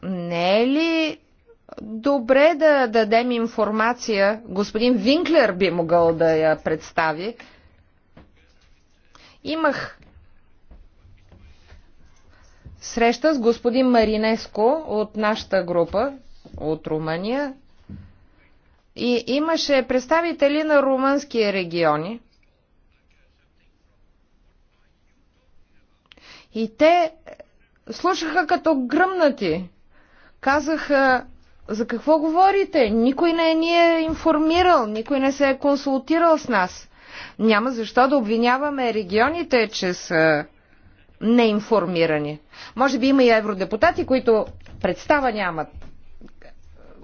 Не е ли добре да дадем информация, господин Винклер би могъл да я представи. Имах среща с господин Маринеско от нашата група, от Румъния, и имаше представители на румънски региони. И те слушаха като гръмнати. Казаха, за какво говорите? Никой не ни е информирал, никой не се е консултирал с нас. Няма защо да обвиняваме регионите, че са неинформирани. Може би има и евродепутати, които представа нямат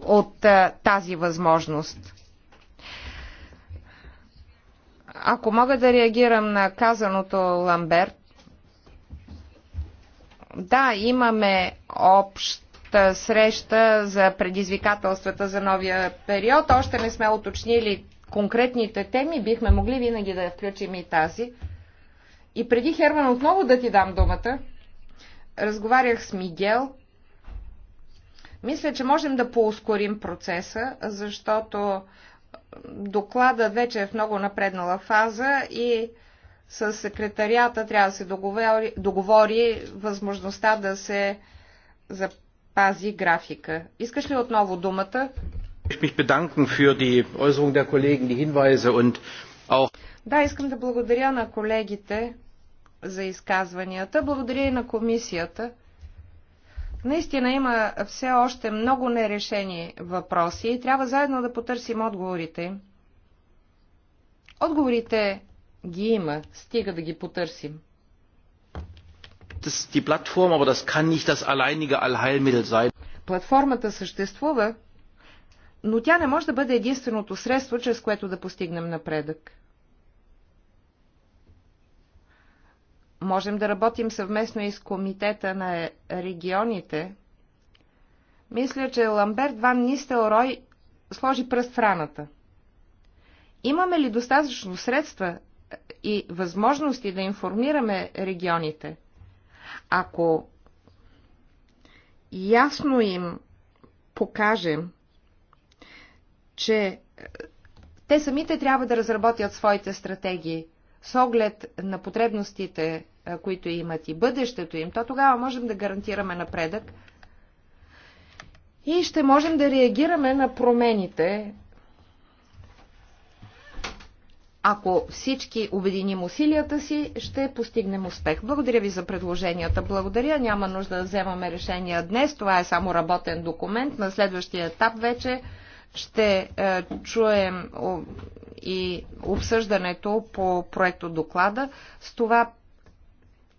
от а, тази възможност. Ако мога да реагирам на казаното Ламберт, да, имаме общ обща среща за предизвикателствата за новия период. Още не сме уточнили конкретните теми, бихме могли винаги да я включим и тази. И преди Херман отново да ти дам думата, разговарях с Мигел. Мисля, че можем да поускорим процеса, защото докладът вече е в много напреднала фаза и с секретарията трябва да се договори, договори възможността да се пази графика. Искаш ли отново думата? Да, искам да благодаря на колегите за изказванията. Благодаря и на комисията. Наистина има все още много нерешени въпроси и трябва заедно да потърсим отговорите. Отговорите ги има, стига да ги потърсим. Платформата съществува, но тя не може да бъде единственото средство, чрез което да постигнем напредък. Можем да работим съвместно и с Комитета на регионите. Мисля, че Ламберт Ван Нистелрой сложи пръст в раната. Имаме ли достатъчно средства и възможности да информираме регионите? Ако ясно им покажем, че е, те самите трябва да разработят своите стратегии с оглед на потребностите, е, които имат и бъдещето им, то тогава можем да гарантираме напредък и ще можем да реагираме на промените ако всички обединим усилията си, ще постигнем успех. Благодаря ви за предложенията. Благодаря. Няма нужда да вземаме решения днес. Това е само работен документ. На следващия етап вече ще е, чуем о, и обсъждането по проекто доклада. С това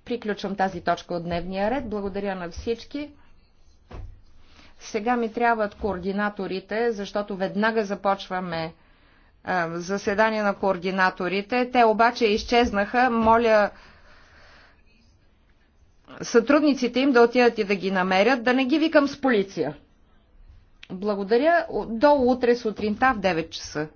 приключвам тази точка от дневния ред. Благодаря на всички. Сега ми трябват координаторите, защото веднага започваме заседание на координаторите. Те обаче изчезнаха. Моля сътрудниците им да отидат и да ги намерят, да не ги викам с полиция. Благодаря. До утре сутринта в 9 часа.